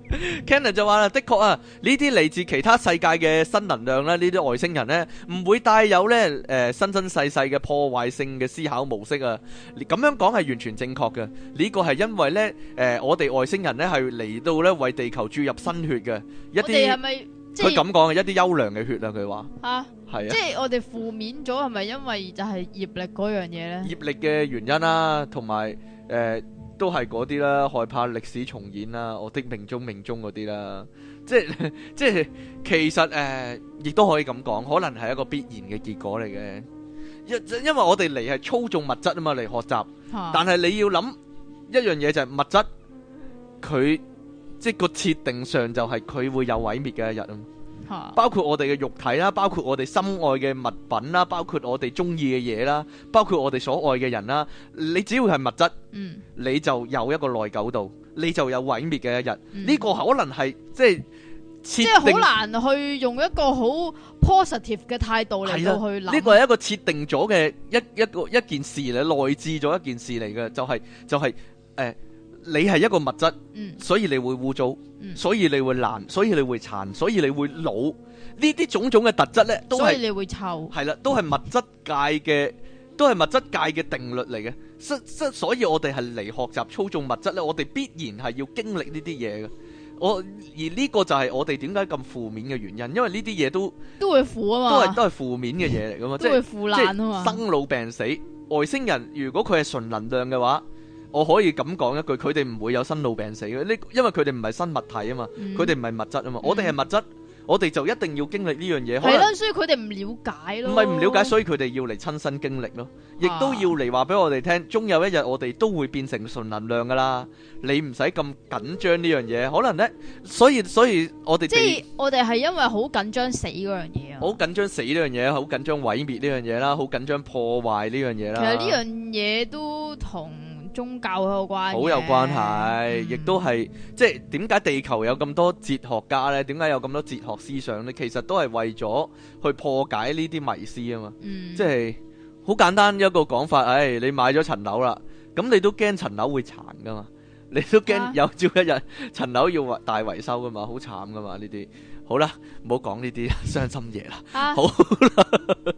Cannon 就話啦，的確啊，呢啲嚟自其他世界嘅新能量咧，呢啲外星人咧，唔會帶有咧，誒、呃，生生世世嘅破壞性嘅思考模式啊。咁樣講係完全正確嘅，呢、這個係因為咧，誒、呃，我哋外星人咧係嚟到咧為地球注入新血嘅。一啲，係咪即
係佢咁
講一啲優良嘅血啊，佢話吓，係啊，啊即係
我哋負面咗係咪因為就係業力嗰樣嘢咧？業
力嘅原因啦、啊，同埋誒。呃都係嗰啲啦，害怕歷史重演啦，我的命中命中嗰啲啦，即係即係其實誒、呃，亦都可以咁講，可能係一個必然嘅結果嚟嘅，因因為我哋嚟係操縱物質啊嘛嚟學習，啊、但係你要諗一樣嘢就係物質，佢即係個設定上就係佢會有毀滅嘅一日啊。包括我哋嘅肉體啦，包括我哋心愛嘅物品啦，包括我哋中意嘅嘢啦，包括我哋所愛嘅人啦。你只要係物質，
嗯，
你就有一個耐久度，你就有毀滅嘅一日。呢、嗯、個可能係即係即係好難
去用一個好 positive 嘅態度嚟到去諗、啊。呢個係一
個設定咗嘅一一個一件事嚟，內置咗一件事嚟嘅，就係、是、就係、是、誒。呃你係一個物質，所以你會污糟，所以你會爛，所以你會殘，所以你會老，呢啲種種嘅特質咧都係，你會臭，係啦，都係物質界嘅，都係物質界嘅 定律嚟嘅。所以，所以我哋係嚟學習操縱物質咧，我哋必然係要經歷呢啲嘢嘅。我而呢個就係我哋點解咁負面嘅原因，因為呢啲嘢都
都會腐啊嘛，都係都
係負面嘅嘢嚟噶嘛，即係 腐爛啊嘛，就是、生老病死。外星人如果佢係純能量嘅話。我可以咁講一句，佢哋唔會有生老病死嘅，呢因為佢哋唔係生物體啊嘛，佢哋唔係物質啊嘛，我哋係物質，我哋就一定要經歷呢樣嘢。係啦，
所以佢哋唔了解咯。唔係唔了解，
所以佢哋要嚟親身經歷咯，亦都要嚟話俾我哋聽，終有一日我哋都會變成純能量噶啦，你唔使咁緊張呢樣嘢，可能咧，所以所以我哋即係
我哋係因為好緊張死嗰樣嘢
啊，好緊張死呢樣嘢，好緊張毀滅呢樣嘢啦，好緊張破壞呢樣嘢啦。其實呢樣
嘢都同。宗教好關係，好有關係，
亦都係即係點解地球有咁多哲學家咧？點解有咁多哲學思想咧？其實都係為咗去破解呢啲迷思啊嘛，即係好簡單一個講法。唉，你買咗層樓啦，咁你都驚層樓會殘噶嘛？你都驚有朝一日層樓要維大維修噶嘛？好慘噶嘛？呢啲好啦，唔好講呢啲傷心嘢啦。好啦，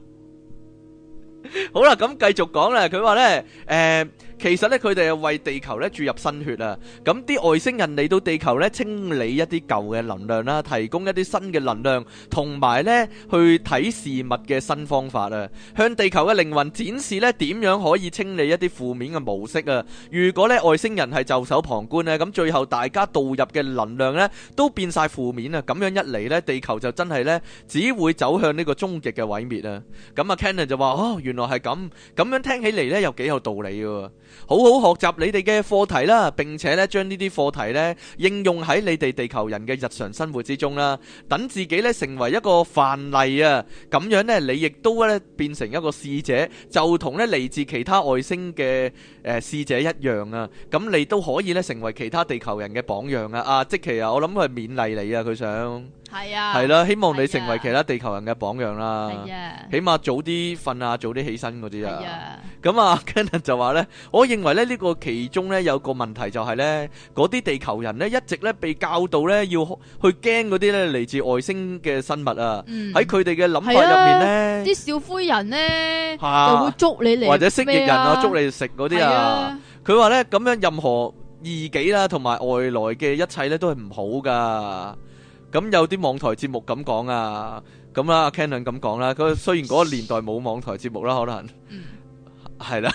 好啦，咁繼續講啦。佢話咧，誒。其實咧，佢哋係為地球咧注入新血啊！咁啲外星人嚟到地球咧，清理一啲舊嘅能量啦，提供一啲新嘅能量，同埋咧去睇事物嘅新方法啊！向地球嘅靈魂展示咧點樣可以清理一啲負面嘅模式啊！如果咧外星人係袖手旁觀咧，咁最後大家導入嘅能量咧都變曬負面啊！咁樣一嚟咧，地球就真係咧只會走向呢個終極嘅毀滅啊！咁啊，Cannon 就話：哦，原來係咁，咁樣聽起嚟咧又幾有道理喎！好好學習你哋嘅課題啦，並且咧將呢啲課題呢應用喺你哋地球人嘅日常生活之中啦，等自己呢成為一個範例啊，咁樣呢你亦都咧變成一個使者，就同呢嚟自其他外星嘅誒使者一樣啊，咁你都可以呢成為其他地球人嘅榜樣啊！啊，即其啊，我諗佢係勉勵你啊，佢想。係啊，係啦，希望你成為其他地球人嘅榜樣啦。係啊，起碼早啲瞓啊，早啲起身嗰啲啊。咁啊，Cannon 就話咧，我認為咧呢個其中咧有個問題就係咧，嗰啲地球人咧一直咧被教導咧要去驚嗰啲咧嚟自外星嘅生物啊。喺佢哋嘅諗法入面咧，
啲小灰人咧就會捉你嚟，或者蜥蜴人啊捉你食嗰啲啊。
佢話咧咁樣任何異己啦，同埋外來嘅一切咧都係唔好噶。咁、嗯、有啲網台節目咁講啊，咁啦，阿 Ken 咁講啦，佢雖然嗰個年代冇網台節目啦， 可能。係啦，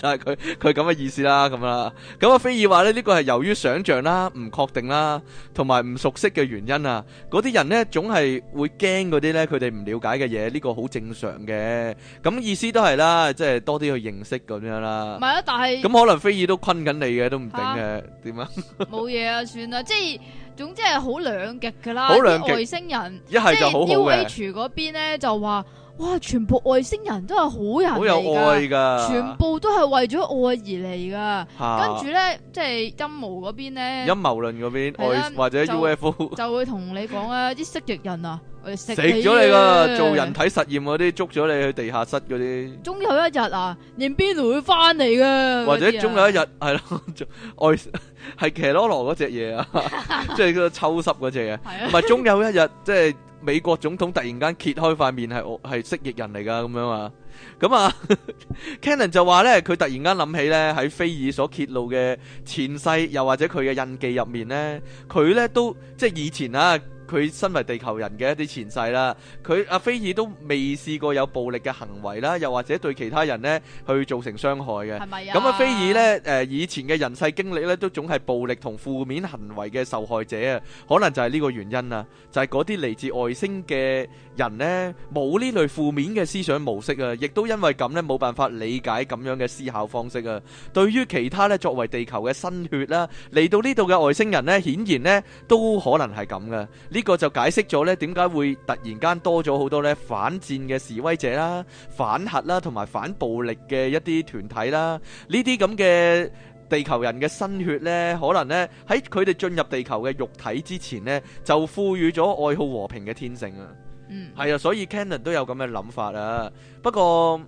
但係佢佢咁嘅意思啦，咁啦，咁阿菲爾話咧呢個係由於想象啦、唔確定啦，同埋唔熟悉嘅原因啊，嗰啲人咧總係會驚嗰啲咧佢哋唔了解嘅嘢，呢個好正常嘅，咁意思都係啦，即係多啲去認識咁樣啦。唔
係啊，但係咁可
能菲爾都困緊你嘅，都唔定嘅，點啊？
冇嘢啊，算啦，即係總之係好兩極噶啦，好兩極外星人，一係就好好嘅。嗰邊咧就話。哇！全部外星人都係好人嚟噶，好有愛噶，全部都係為咗愛而嚟噶。啊、跟住咧，即係陰謀嗰邊咧，陰
謀論嗰邊外或者 UFO，就，就
會同你講啊，啲蜥蜴人啊，食咗 你噶， 做人
體實驗嗰啲，捉咗你去地下室嗰啲。
終有一日啊，連邊度會翻嚟噶？或者終有
一日係咯，外係騎駱駝嗰隻嘢啊，即係嗰個抽濕嗰隻嘢，唔係終有一日即係。 美國總統突然間揭開塊面，係我係蜥蜴人嚟㗎咁樣啊，咁啊 ，Cannon 就話咧，佢突然間諗起咧喺菲爾所揭露嘅前世，又或者佢嘅印記入面咧，佢咧都即係以前啊。佢身為地球人嘅一啲前世啦，佢阿菲爾都未試過有暴力嘅行為啦，又或者對其他人呢去造成傷害嘅。係咪啊？咁阿、啊、菲爾呢，誒、呃、以前嘅人世經歷呢，都總係暴力同負面行為嘅受害者啊，可能就係呢個原因啦，就係嗰啲嚟自外星嘅。人呢冇呢類負面嘅思想模式啊，亦都因為咁呢冇辦法理解咁樣嘅思考方式啊。對於其他呢作為地球嘅新血啦，嚟到呢度嘅外星人呢，顯然呢都可能係咁嘅。呢個就解釋咗呢點解會突然間多咗好多呢反戰嘅示威者啦、反核啦同埋反暴力嘅一啲團體啦。呢啲咁嘅地球人嘅新血呢，可能呢喺佢哋進入地球嘅肉體之前呢，就賦予咗愛好和平嘅天性啊。嗯，係啊，所以 Canon 都有咁嘅諗法啊。不過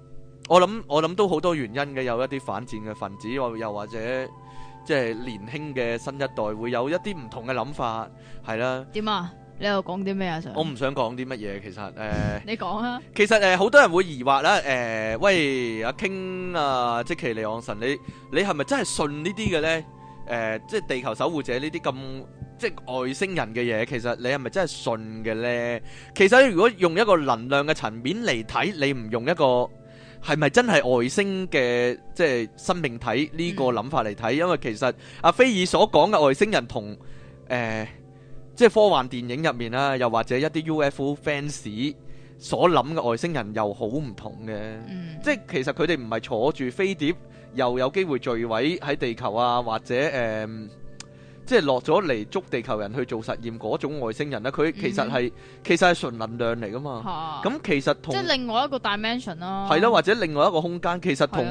我諗我諗都好多原因嘅，有一啲反戰嘅分子，又或者即係年輕嘅新一代會有一啲唔同嘅諗法，係啦。
點啊？你又講啲咩啊？我唔
想講啲乜嘢，其實誒，你講啊。其實誒，好多人會疑惑啦。誒，喂，阿 King 啊，即奇利昂神，你你係咪真係信呢啲嘅咧？誒，即係地球守護者呢啲咁。即外星人嘅嘢，其實你係咪真係信嘅咧？其實如果用一個能量嘅層面嚟睇，你唔用一個係咪真係外星嘅即係生命體呢、這個諗法嚟睇？嗯、因為其實阿菲爾所講嘅外星人同誒、呃、即係科幻電影入面啊，又或者一啲 UFO fans 所諗嘅外星人又好唔同嘅。嗯、即係其實佢哋唔係坐住飛碟，又有機會墜毀喺地球啊，或者誒。呃即係落咗嚟捉地球人去做實驗嗰種外星人咧，佢其實係、嗯、其實係純能量嚟噶嘛。咁、啊、其實同即係
另外一個 dimension 咯、啊，係咯、
啊，或者另外一個空間，其實同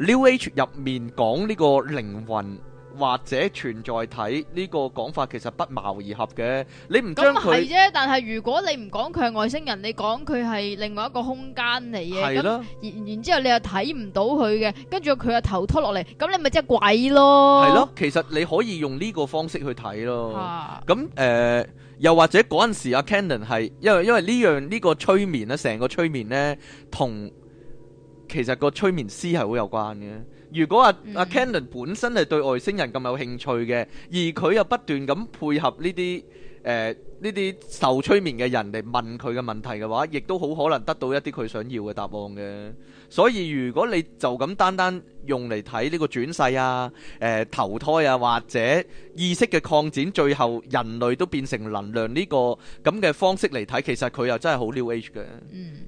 New Age 入面講呢個靈魂。或者存在體呢個講法其實不謀而合嘅，你唔將佢咁係啫。
但係如果你唔講佢係外星人，你講佢係另外一個空間嚟嘅，係咯。然然之後你又睇唔到佢嘅，跟住佢又頭拖落嚟，咁你咪即係鬼咯。係咯，
其實你可以用呢個方式去睇咯。咁誒、啊呃，又或者嗰陣時阿 Cannon 係因為因為呢樣呢個催眠咧，成個催眠呢，同其實個催眠師係好有關嘅。如果阿阿 Cannon 本身係對外星人咁有興趣嘅，而佢又不斷咁配合呢啲誒呢啲受催眠嘅人嚟問佢嘅問題嘅話，亦都好可能得到一啲佢想要嘅答案嘅。所以如果你就咁單單用嚟睇呢個轉世啊、誒投胎啊或者意識嘅擴展，最後人類都變成能量呢個咁嘅方式嚟睇，其實佢又真係好 New Age 嘅。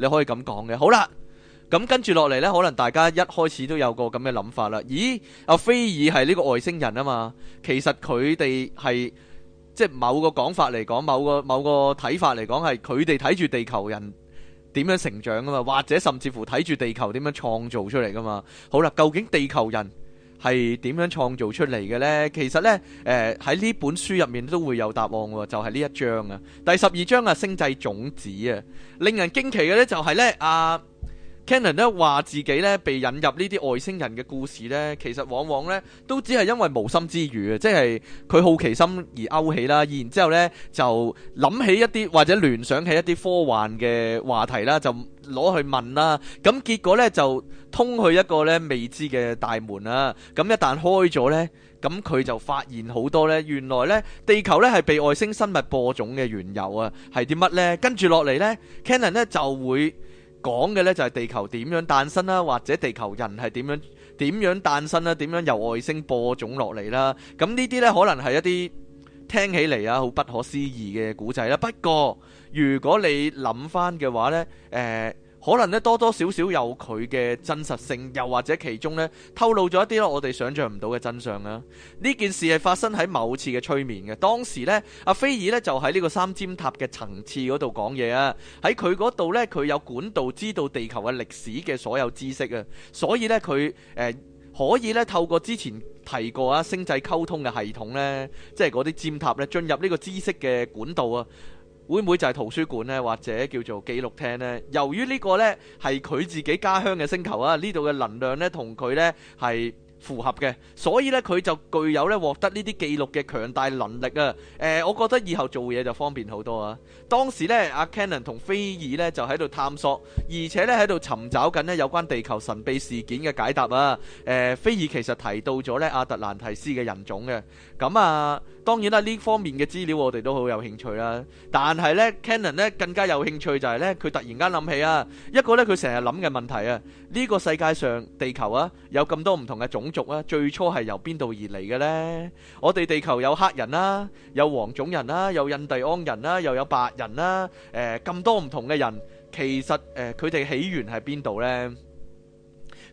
你可以咁講嘅。好啦。咁跟住落嚟呢，可能大家一開始都有個咁嘅諗法啦。咦，阿菲爾係呢個外星人啊嘛？其實佢哋係即係某個講法嚟講，某個某個睇法嚟講，係佢哋睇住地球人點樣成長啊嘛，或者甚至乎睇住地球點樣創造出嚟噶嘛。好啦，究竟地球人係點樣創造出嚟嘅呢？其實呢，呃，喺呢本書入面都會有答案喎，就係呢一章啊，第十二章啊，《星際種子》啊，令人驚奇嘅呢，就係呢。啊。Canon 咧話自己咧被引入呢啲外星人嘅故事咧，其實往往咧都只係因為無心之餘啊，即係佢好奇心而勾起啦，然之後咧就諗起一啲或者聯想起一啲科幻嘅話題啦，就攞去問啦。咁結果咧就通去一個咧未知嘅大門啦。咁一旦開咗咧，咁佢就發現好多咧，原來咧地球咧係被外星生物播種嘅緣由啊，係啲乜咧？跟住落嚟咧，Canon 咧就會。講嘅呢就係地球點樣誕生啦，或者地球人係點樣點樣誕生啦，點樣由外星播種落嚟啦，咁呢啲呢，可能係一啲聽起嚟啊好不可思議嘅古仔啦。不過如果你諗翻嘅話呢，誒、呃。可能咧多多少少有佢嘅真實性，又或者其中咧透露咗一啲我哋想象唔到嘅真相啊！呢件事係發生喺某次嘅催眠嘅，當時咧阿菲爾咧就喺呢個三尖塔嘅層次嗰度講嘢啊！喺佢嗰度咧，佢有管道知道地球嘅歷史嘅所有知識啊，所以呢，佢、呃、誒可以咧透過之前提過啊星際溝通嘅系統呢，即係嗰啲尖塔呢，進入呢個知識嘅管道啊。會唔會就係圖書館呢？或者叫做記錄廳呢？由於呢個呢係佢自己家鄉嘅星球啊，呢度嘅能量呢同佢呢係符合嘅，所以呢，佢就具有呢獲得呢啲記錄嘅強大能力啊！誒、呃，我覺得以後做嘢就方便好多啊！當時呢，阿 Canon 同菲爾呢就喺度探索，而且呢喺度尋找緊呢有關地球神秘事件嘅解答啊！誒、呃，菲爾其實提到咗呢阿特蘭提斯嘅人種嘅，咁啊。當然啦，呢方面嘅資料我哋都好有興趣啦。但係呢 Canon 咧更加有興趣就係呢，佢突然間諗起啊，一個呢，佢成日諗嘅問題啊，呢、呢個世界上地球啊有咁多唔同嘅種族啊，最初係由邊度而嚟嘅呢？我哋地球有黑人啦、啊，有黃種人啦、啊，有印第安人啦、啊，又有白人啦、啊，咁、呃、多唔同嘅人，其實佢哋、呃、起源係邊度呢？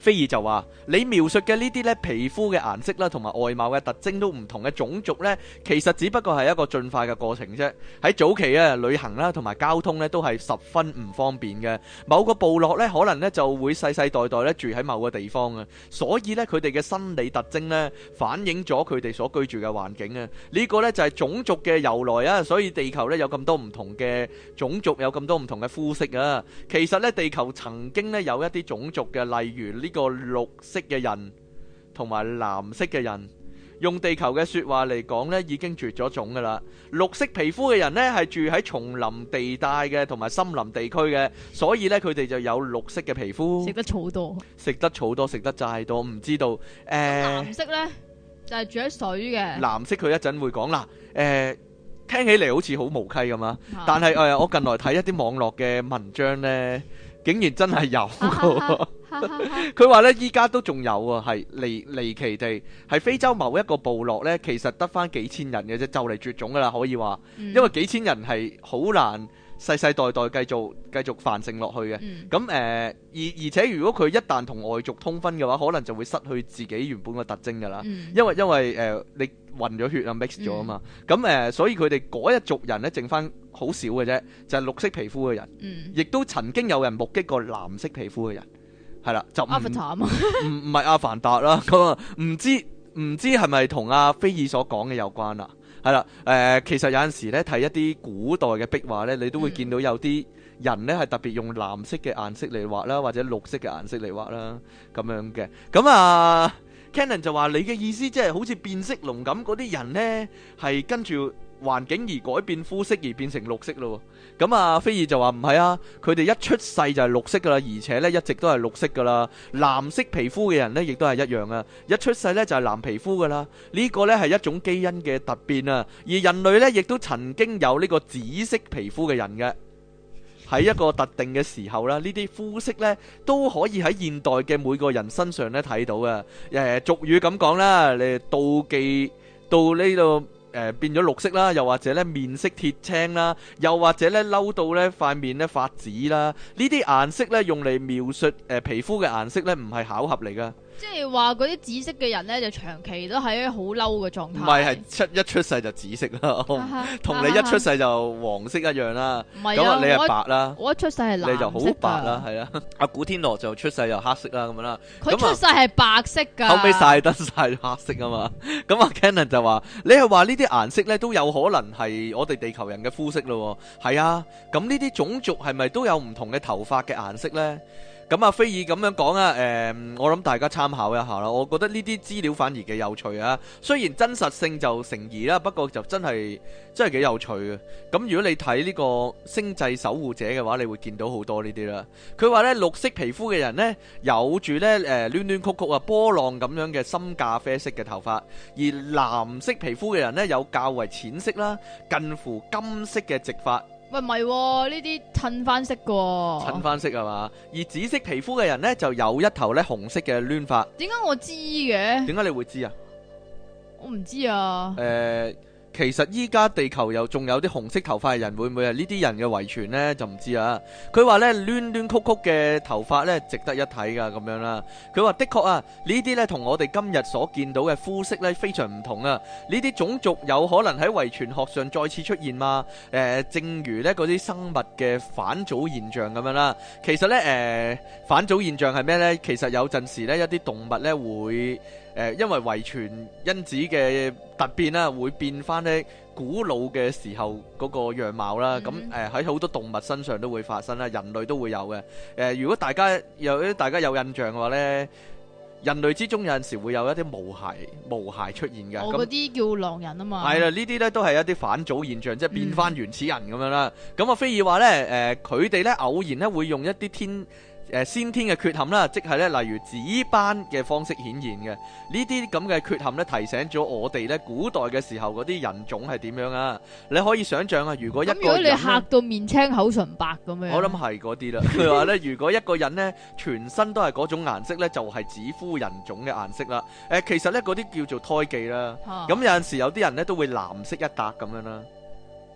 菲爾就話：你描述嘅呢啲咧皮膚嘅顏色啦，同埋外貌嘅特徵都唔同嘅種族咧，其實只不過係一個進化嘅過程啫。喺早期啊，旅行啦同埋交通咧都係十分唔方便嘅。某個部落咧可能咧就會世世代代咧住喺某個地方啊，所以咧佢哋嘅生理特徵咧反映咗佢哋所居住嘅環境啊。呢個咧就係種族嘅由來啊。所以地球咧有咁多唔同嘅種族，有咁多唔同嘅膚色啊。其實咧地球曾經咧有一啲種族嘅，例如呢。個綠色嘅人同埋藍色嘅人，用地球嘅說話嚟講呢，已經絕咗種㗎喇。綠色皮膚嘅人呢，係住喺叢林地帶嘅，同埋森林地區嘅，所以呢佢哋就有綠色嘅皮膚。食得草多，食得草多，食得晒多，唔知道。誒，藍
色呢就係住喺水嘅。
藍色佢一陣會講啦。誒，聽起嚟好似好無稽咁啊，但係誒，我近來睇一啲網絡嘅文章呢，竟然真係有。佢話咧，依家都仲有啊，係離離奇地係非洲某一個部落咧，其實得翻幾千人嘅啫，就嚟絕種噶啦，可以話，嗯、因為幾千人係好難世世代代繼續繼續繁盛落去嘅。咁誒、嗯，而、呃、而且如果佢一旦同外族通婚嘅話，可能就會失去自己原本嘅特徵噶啦。因為因為誒，你混咗血啊，mix 咗啊嘛。咁誒、嗯呃，所以佢哋嗰一族人咧，剩翻好少嘅啫，就係綠色皮膚嘅人，亦、嗯、都曾經有人目擊過藍色皮膚嘅人。係啦，就唔唔唔係阿凡達啦，咁啊唔知唔知係咪同阿菲爾所講嘅有關啦？係啦，誒、呃，其實有陣時咧睇一啲古代嘅壁畫咧，你都會見到有啲人咧係特別用藍色嘅顏色嚟畫啦，或者綠色嘅顏色嚟畫啦，咁樣嘅。咁啊，Cannon 就話你嘅意思即係好似變色龍咁，嗰啲人咧係跟住環境而改變膚色而變成綠色咯。咁啊，飛爾就話唔係啊，佢哋一出世就係綠色噶啦，而且呢一直都係綠色噶啦。藍色皮膚嘅人呢亦都係一樣啊。一出世呢就係藍皮膚噶啦。呢、呢個呢係一種基因嘅突變啊。而人類呢亦都曾經有呢個紫色皮膚嘅人嘅。喺一個特定嘅時候啦，呢啲膚色呢都可以喺現代嘅每個人身上呢睇到嘅。誒，俗語咁講啦，你妒忌到呢度。呃、變變咗綠色啦，又或者咧面色鐵青啦，又或者咧嬲到咧塊面咧發紫啦，呢啲顏色咧用嚟描述皮膚嘅顏色咧，唔係巧合嚟噶。
即係話嗰啲紫色嘅人咧，就長期都喺好嬲嘅狀態。唔
係係出一出世就紫色啦，
同、啊、 你一出世
就黃色一樣啦。唔係、啊，咁你係白啦，我
一出世係你就好白啦，
係啦、啊。阿、啊、古天樂就出世就黑色啦，咁樣啦。
佢出世係白色噶，後尾曬
得晒黑色啊嘛。咁啊、嗯、 ，Cannon 就話你係話呢啲顏色咧都有可能係我哋地球人嘅膚色咯。係啊，咁呢啲種族係咪都有唔同嘅頭髮嘅顏色咧？咁啊，非爾咁樣講啊、嗯，我諗大家參考一下啦。我覺得呢啲資料反而幾有趣啊。雖然真實性就成疑啦，不過就真係真係幾有趣啊。咁如果你睇呢個星際守護者嘅話，你會見到好多呢啲啦。佢話呢，綠色皮膚嘅人呢，有住呢誒，亂、呃、亂曲曲啊，波浪咁樣嘅深咖啡色嘅頭髮；而藍色皮膚嘅人呢，有較為淺色啦，近乎金色嘅直髮。
喂，唔係、哦，呢啲襯翻色嘅，襯
翻色係嘛？而紫色皮膚嘅人咧，就有一頭咧紅色嘅攣髮。
點解我知嘅？
點解你會知啊？
我唔知啊。
誒。其實依家地球又仲有啲紅色頭髮嘅人，會唔會係呢啲人嘅遺傳呢？就唔知啊。佢話呢，攣攣曲曲嘅頭髮呢，值得一睇噶咁樣啦。佢話的確啊，呢啲呢，同我哋今日所見到嘅膚色呢，非常唔同啊。呢啲種族有可能喺遺傳學上再次出現嘛？呃、正如呢嗰啲生物嘅反祖現象咁樣啦。其實呢，誒、呃，反祖現象係咩呢？其實有陣時呢，一啲動物呢會。誒、呃，因為遺傳因子嘅突變啦，會變翻古老嘅時候嗰個樣貌啦。咁誒喺好多動物身上都會發生啦，人類都會有嘅。誒、呃，如果大家有大家有印象嘅話咧，人類之中有陣時候會有一啲毛孩毛孩出現嘅。我嗰
啲那叫狼人啊嘛。係啦，
呢啲咧都係一啲反祖現象，即係變翻原始人咁，嗯，樣啦。咁啊，菲爾話咧，誒，佢哋咧偶然咧會用一啲天。先天嘅缺陷啦，即係咧，例如紫斑嘅方式顯現嘅呢啲咁嘅缺陷咧，提醒咗我哋咧，古代嘅時候嗰啲人種係點樣啊？你可以想象啊，如果一個如果你嚇
到面青口唇白咁樣，我諗
係嗰啲啦。佢話咧，如果一個人咧全身都係嗰種顏色咧，就係、是、紫膚人種嘅顏色啦。誒，其實咧嗰啲叫做胎記啦。咁有陣時候有啲人咧都會藍色一笪咁樣啦。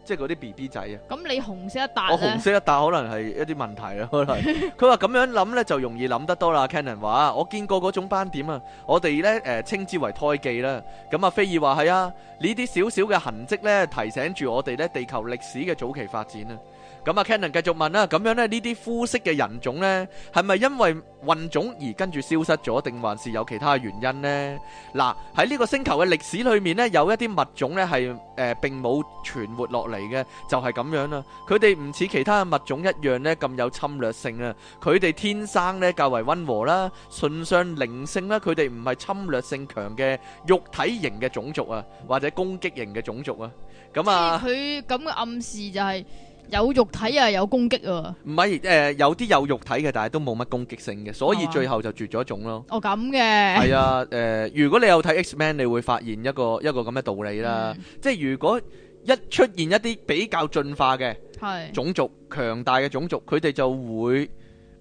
即係嗰啲 B B 仔啊！
咁你紅色一笪咧？我紅色
一笪可能係一啲問題啦，可能佢話咁樣諗咧就容易諗得多啦。Canon 話：我見過嗰種斑點啊，我哋咧誒稱之為胎記啦。咁啊，飛爾話係啊，呢啲少少嘅痕跡咧，提醒住我哋咧地球歷史嘅早期發展啊！咁啊，Cannon 繼續問啦，咁樣咧呢啲膚色嘅人種咧，係咪因為混種而跟住消失咗，定還是有其他嘅原因咧？嗱，喺呢個星球嘅歷史裏面咧，有一啲物種咧係誒並冇存活落嚟嘅，就係咁樣啦。佢哋唔似其他嘅物種一樣咧咁有侵略性啊，佢哋天生咧較為溫和啦，崇尚靈性啦，佢哋唔係侵略性強嘅肉體型嘅種族啊，或者攻擊型嘅種族啊。咁啊，佢
咁嘅暗示就係。有肉體啊，有攻擊啊，
唔係誒，有啲有肉體嘅，但係都冇乜攻擊性嘅，所以最後就絕咗種咯。
哦咁嘅，係啊，
誒，如果你有睇 X Man，你會發現一個一個咁嘅道理啦。即係如果一出現一啲比較進化嘅種族強大嘅種族，佢哋就會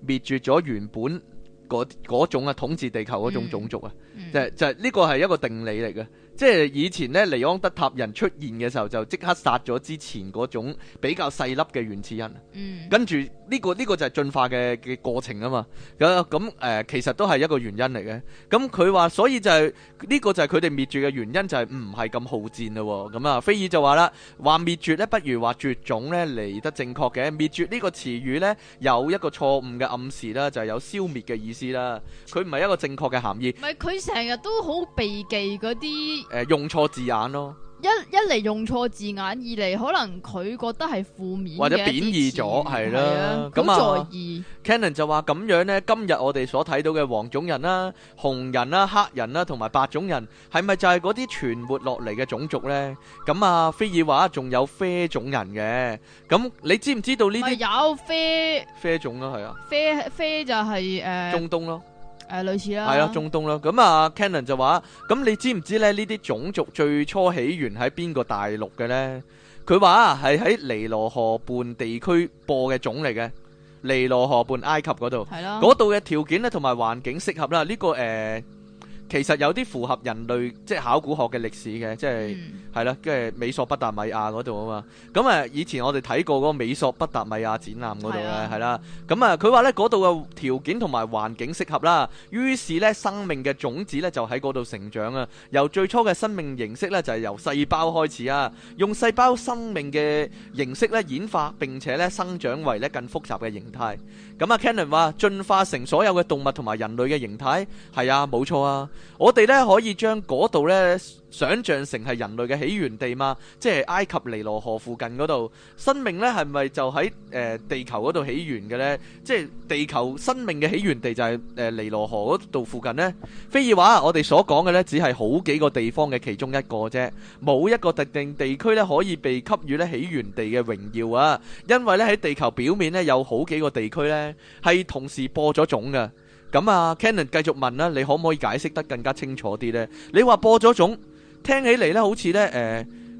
滅絕咗原本嗰嗰種啊，統治地球嗰種種族啊，就就呢個係一個定理嚟嘅。即係以前咧，尼安德塔人出現嘅時候，就即刻殺咗之前嗰種比較細粒嘅原始人。嗯，跟住呢、這個呢、這個就係進化嘅嘅過程啊嘛。咁咁、呃、其實都係一個原因嚟嘅。咁佢話，所以就係、是、呢、這個就係佢哋滅絕嘅原因，就係唔係咁好戰咯喎、哦。咁啊，菲爾就話啦，話滅絕咧，不如話絕種咧嚟得正確嘅。滅絕呢個詞語咧，有一個錯誤嘅暗示啦，就是、有消滅嘅意思啦。佢唔係一個正確嘅含義。
唔係佢成日都好避忌嗰啲。
誒、呃，用錯字眼咯！
一一嚟用錯字眼，二嚟可能佢覺得係負面嘅或者貶義咗，係啦、啊。咁、啊啊、在意
，Cannon 就話咁樣咧。今日我哋所睇到嘅黃種人啦、啊、紅人啦、啊、黑人啦、啊，同埋白種人，係咪就係嗰啲存活落嚟嘅種族咧？咁啊，菲爾話仲有啡種人嘅。咁你知唔知道呢啲？是
有啡
啡種咯，係啊。是啊
啡啡就係、是、誒。呃、中東咯。誒，呃、類似啦，係啦，中
東啦，咁啊，Canon 就話：，咁你知唔知咧？呢啲種族最初起源喺邊個大陸嘅咧？佢話係係喺尼羅河畔地區播嘅種嚟嘅，尼羅河畔埃及嗰度，嗰度嘅條件咧同埋環境適合啦，呢、這個誒。呃其實有啲符合人類即係考古學嘅歷史嘅，即係係啦，即係美索不達米亞嗰度啊嘛。咁啊，以前我哋睇過嗰個美索不達米亞展覽嗰度咧，係啦。咁啊，佢話咧嗰度嘅條件同埋環境適合啦，於是咧生命嘅種子咧就喺嗰度成長啊。由最初嘅生命形式咧就係由細胞開始啊，用細胞生命嘅形式咧演化並且咧生長為咧更複雜嘅形態。咁啊，Cannon 話進化成所有嘅動物同埋人類嘅形態，係啊，冇錯啊。我哋咧可以將嗰度咧想象成係人類嘅起源地嘛？即係埃及尼羅河附近嗰度，生命咧係咪就喺誒地球嗰度起源嘅呢？即係地球生命嘅起源地就係誒尼羅河嗰度附近呢。非爾話我哋所講嘅咧只係好幾個地方嘅其中一個啫，冇一個特定地區咧可以被給予咧起源地嘅榮耀啊！因為咧喺地球表面咧有好幾個地區咧係同時播咗種㗎。咁啊，Kenneth 繼續問啦，你可唔可以解釋得更加清楚啲呢？你話播咗種，聽起嚟咧，好似咧，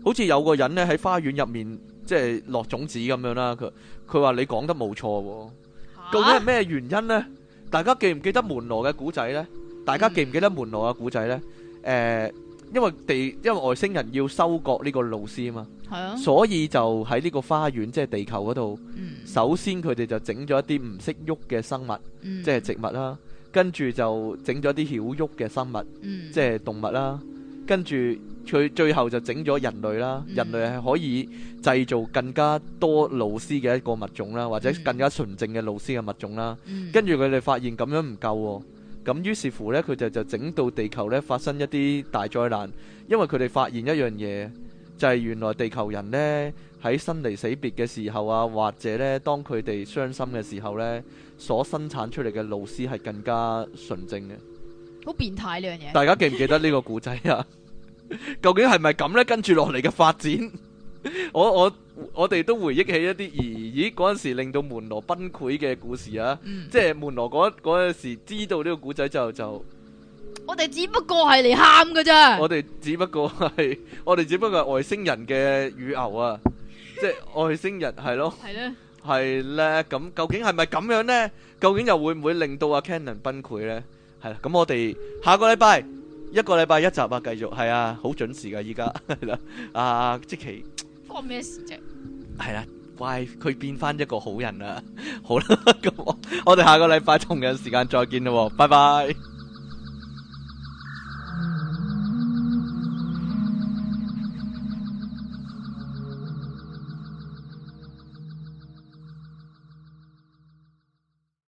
誒，好似有個人咧喺花園入面，即係落種子咁樣啦。佢佢話你講得冇錯喎，究竟係咩原因呢？大家記唔記得門羅嘅古仔呢？大家記唔記得門羅嘅古仔呢？誒。因為地因為外星人要收割呢個老師啊嘛，所以就喺呢個花園即係地球嗰度，首先佢哋就整咗一啲唔識喐嘅生物，即係植物啦，跟住就整咗啲曉喐嘅生物，即係動物啦，跟住佢最後就整咗人類啦，人類係可以製造更加多老師嘅一個物種啦，或者更加純淨嘅老師嘅物種啦，跟住佢哋發現咁樣唔夠喎。咁於是乎呢，佢就就整到地球呢發生一啲大災難，因為佢哋發現一樣嘢，就係原來地球人呢喺生離死別嘅時候啊，或者呢當佢哋傷心嘅時候呢，所生產出嚟嘅露絲係更加純正嘅。
好變態呢樣嘢！大家記唔記
得呢個故仔啊？ 究竟係咪咁呢？跟住落嚟嘅發展，我我。我哋都回憶起一啲兒兒嗰陣時令到門羅崩潰嘅故事啊，即係門羅嗰嗰陣時知道呢個故仔之後就就，
我哋只不過係嚟喊㗎啫。我
哋只不過係我哋只不過係外星人嘅乳牛啊，即係外星人係咯，係咧，係咧。咁究竟係咪咁樣咧？究竟又會唔會令到阿 Cannon 崩潰咧？係啦，咁我哋下個禮拜一個禮拜一集啊，繼續係啊，好準時㗎，依家係啦，阿積奇。
咩
事啫？係啦，喂，佢變翻一個好人啦。 好啦，咁我我哋下個禮拜同樣時間再見咯，拜拜。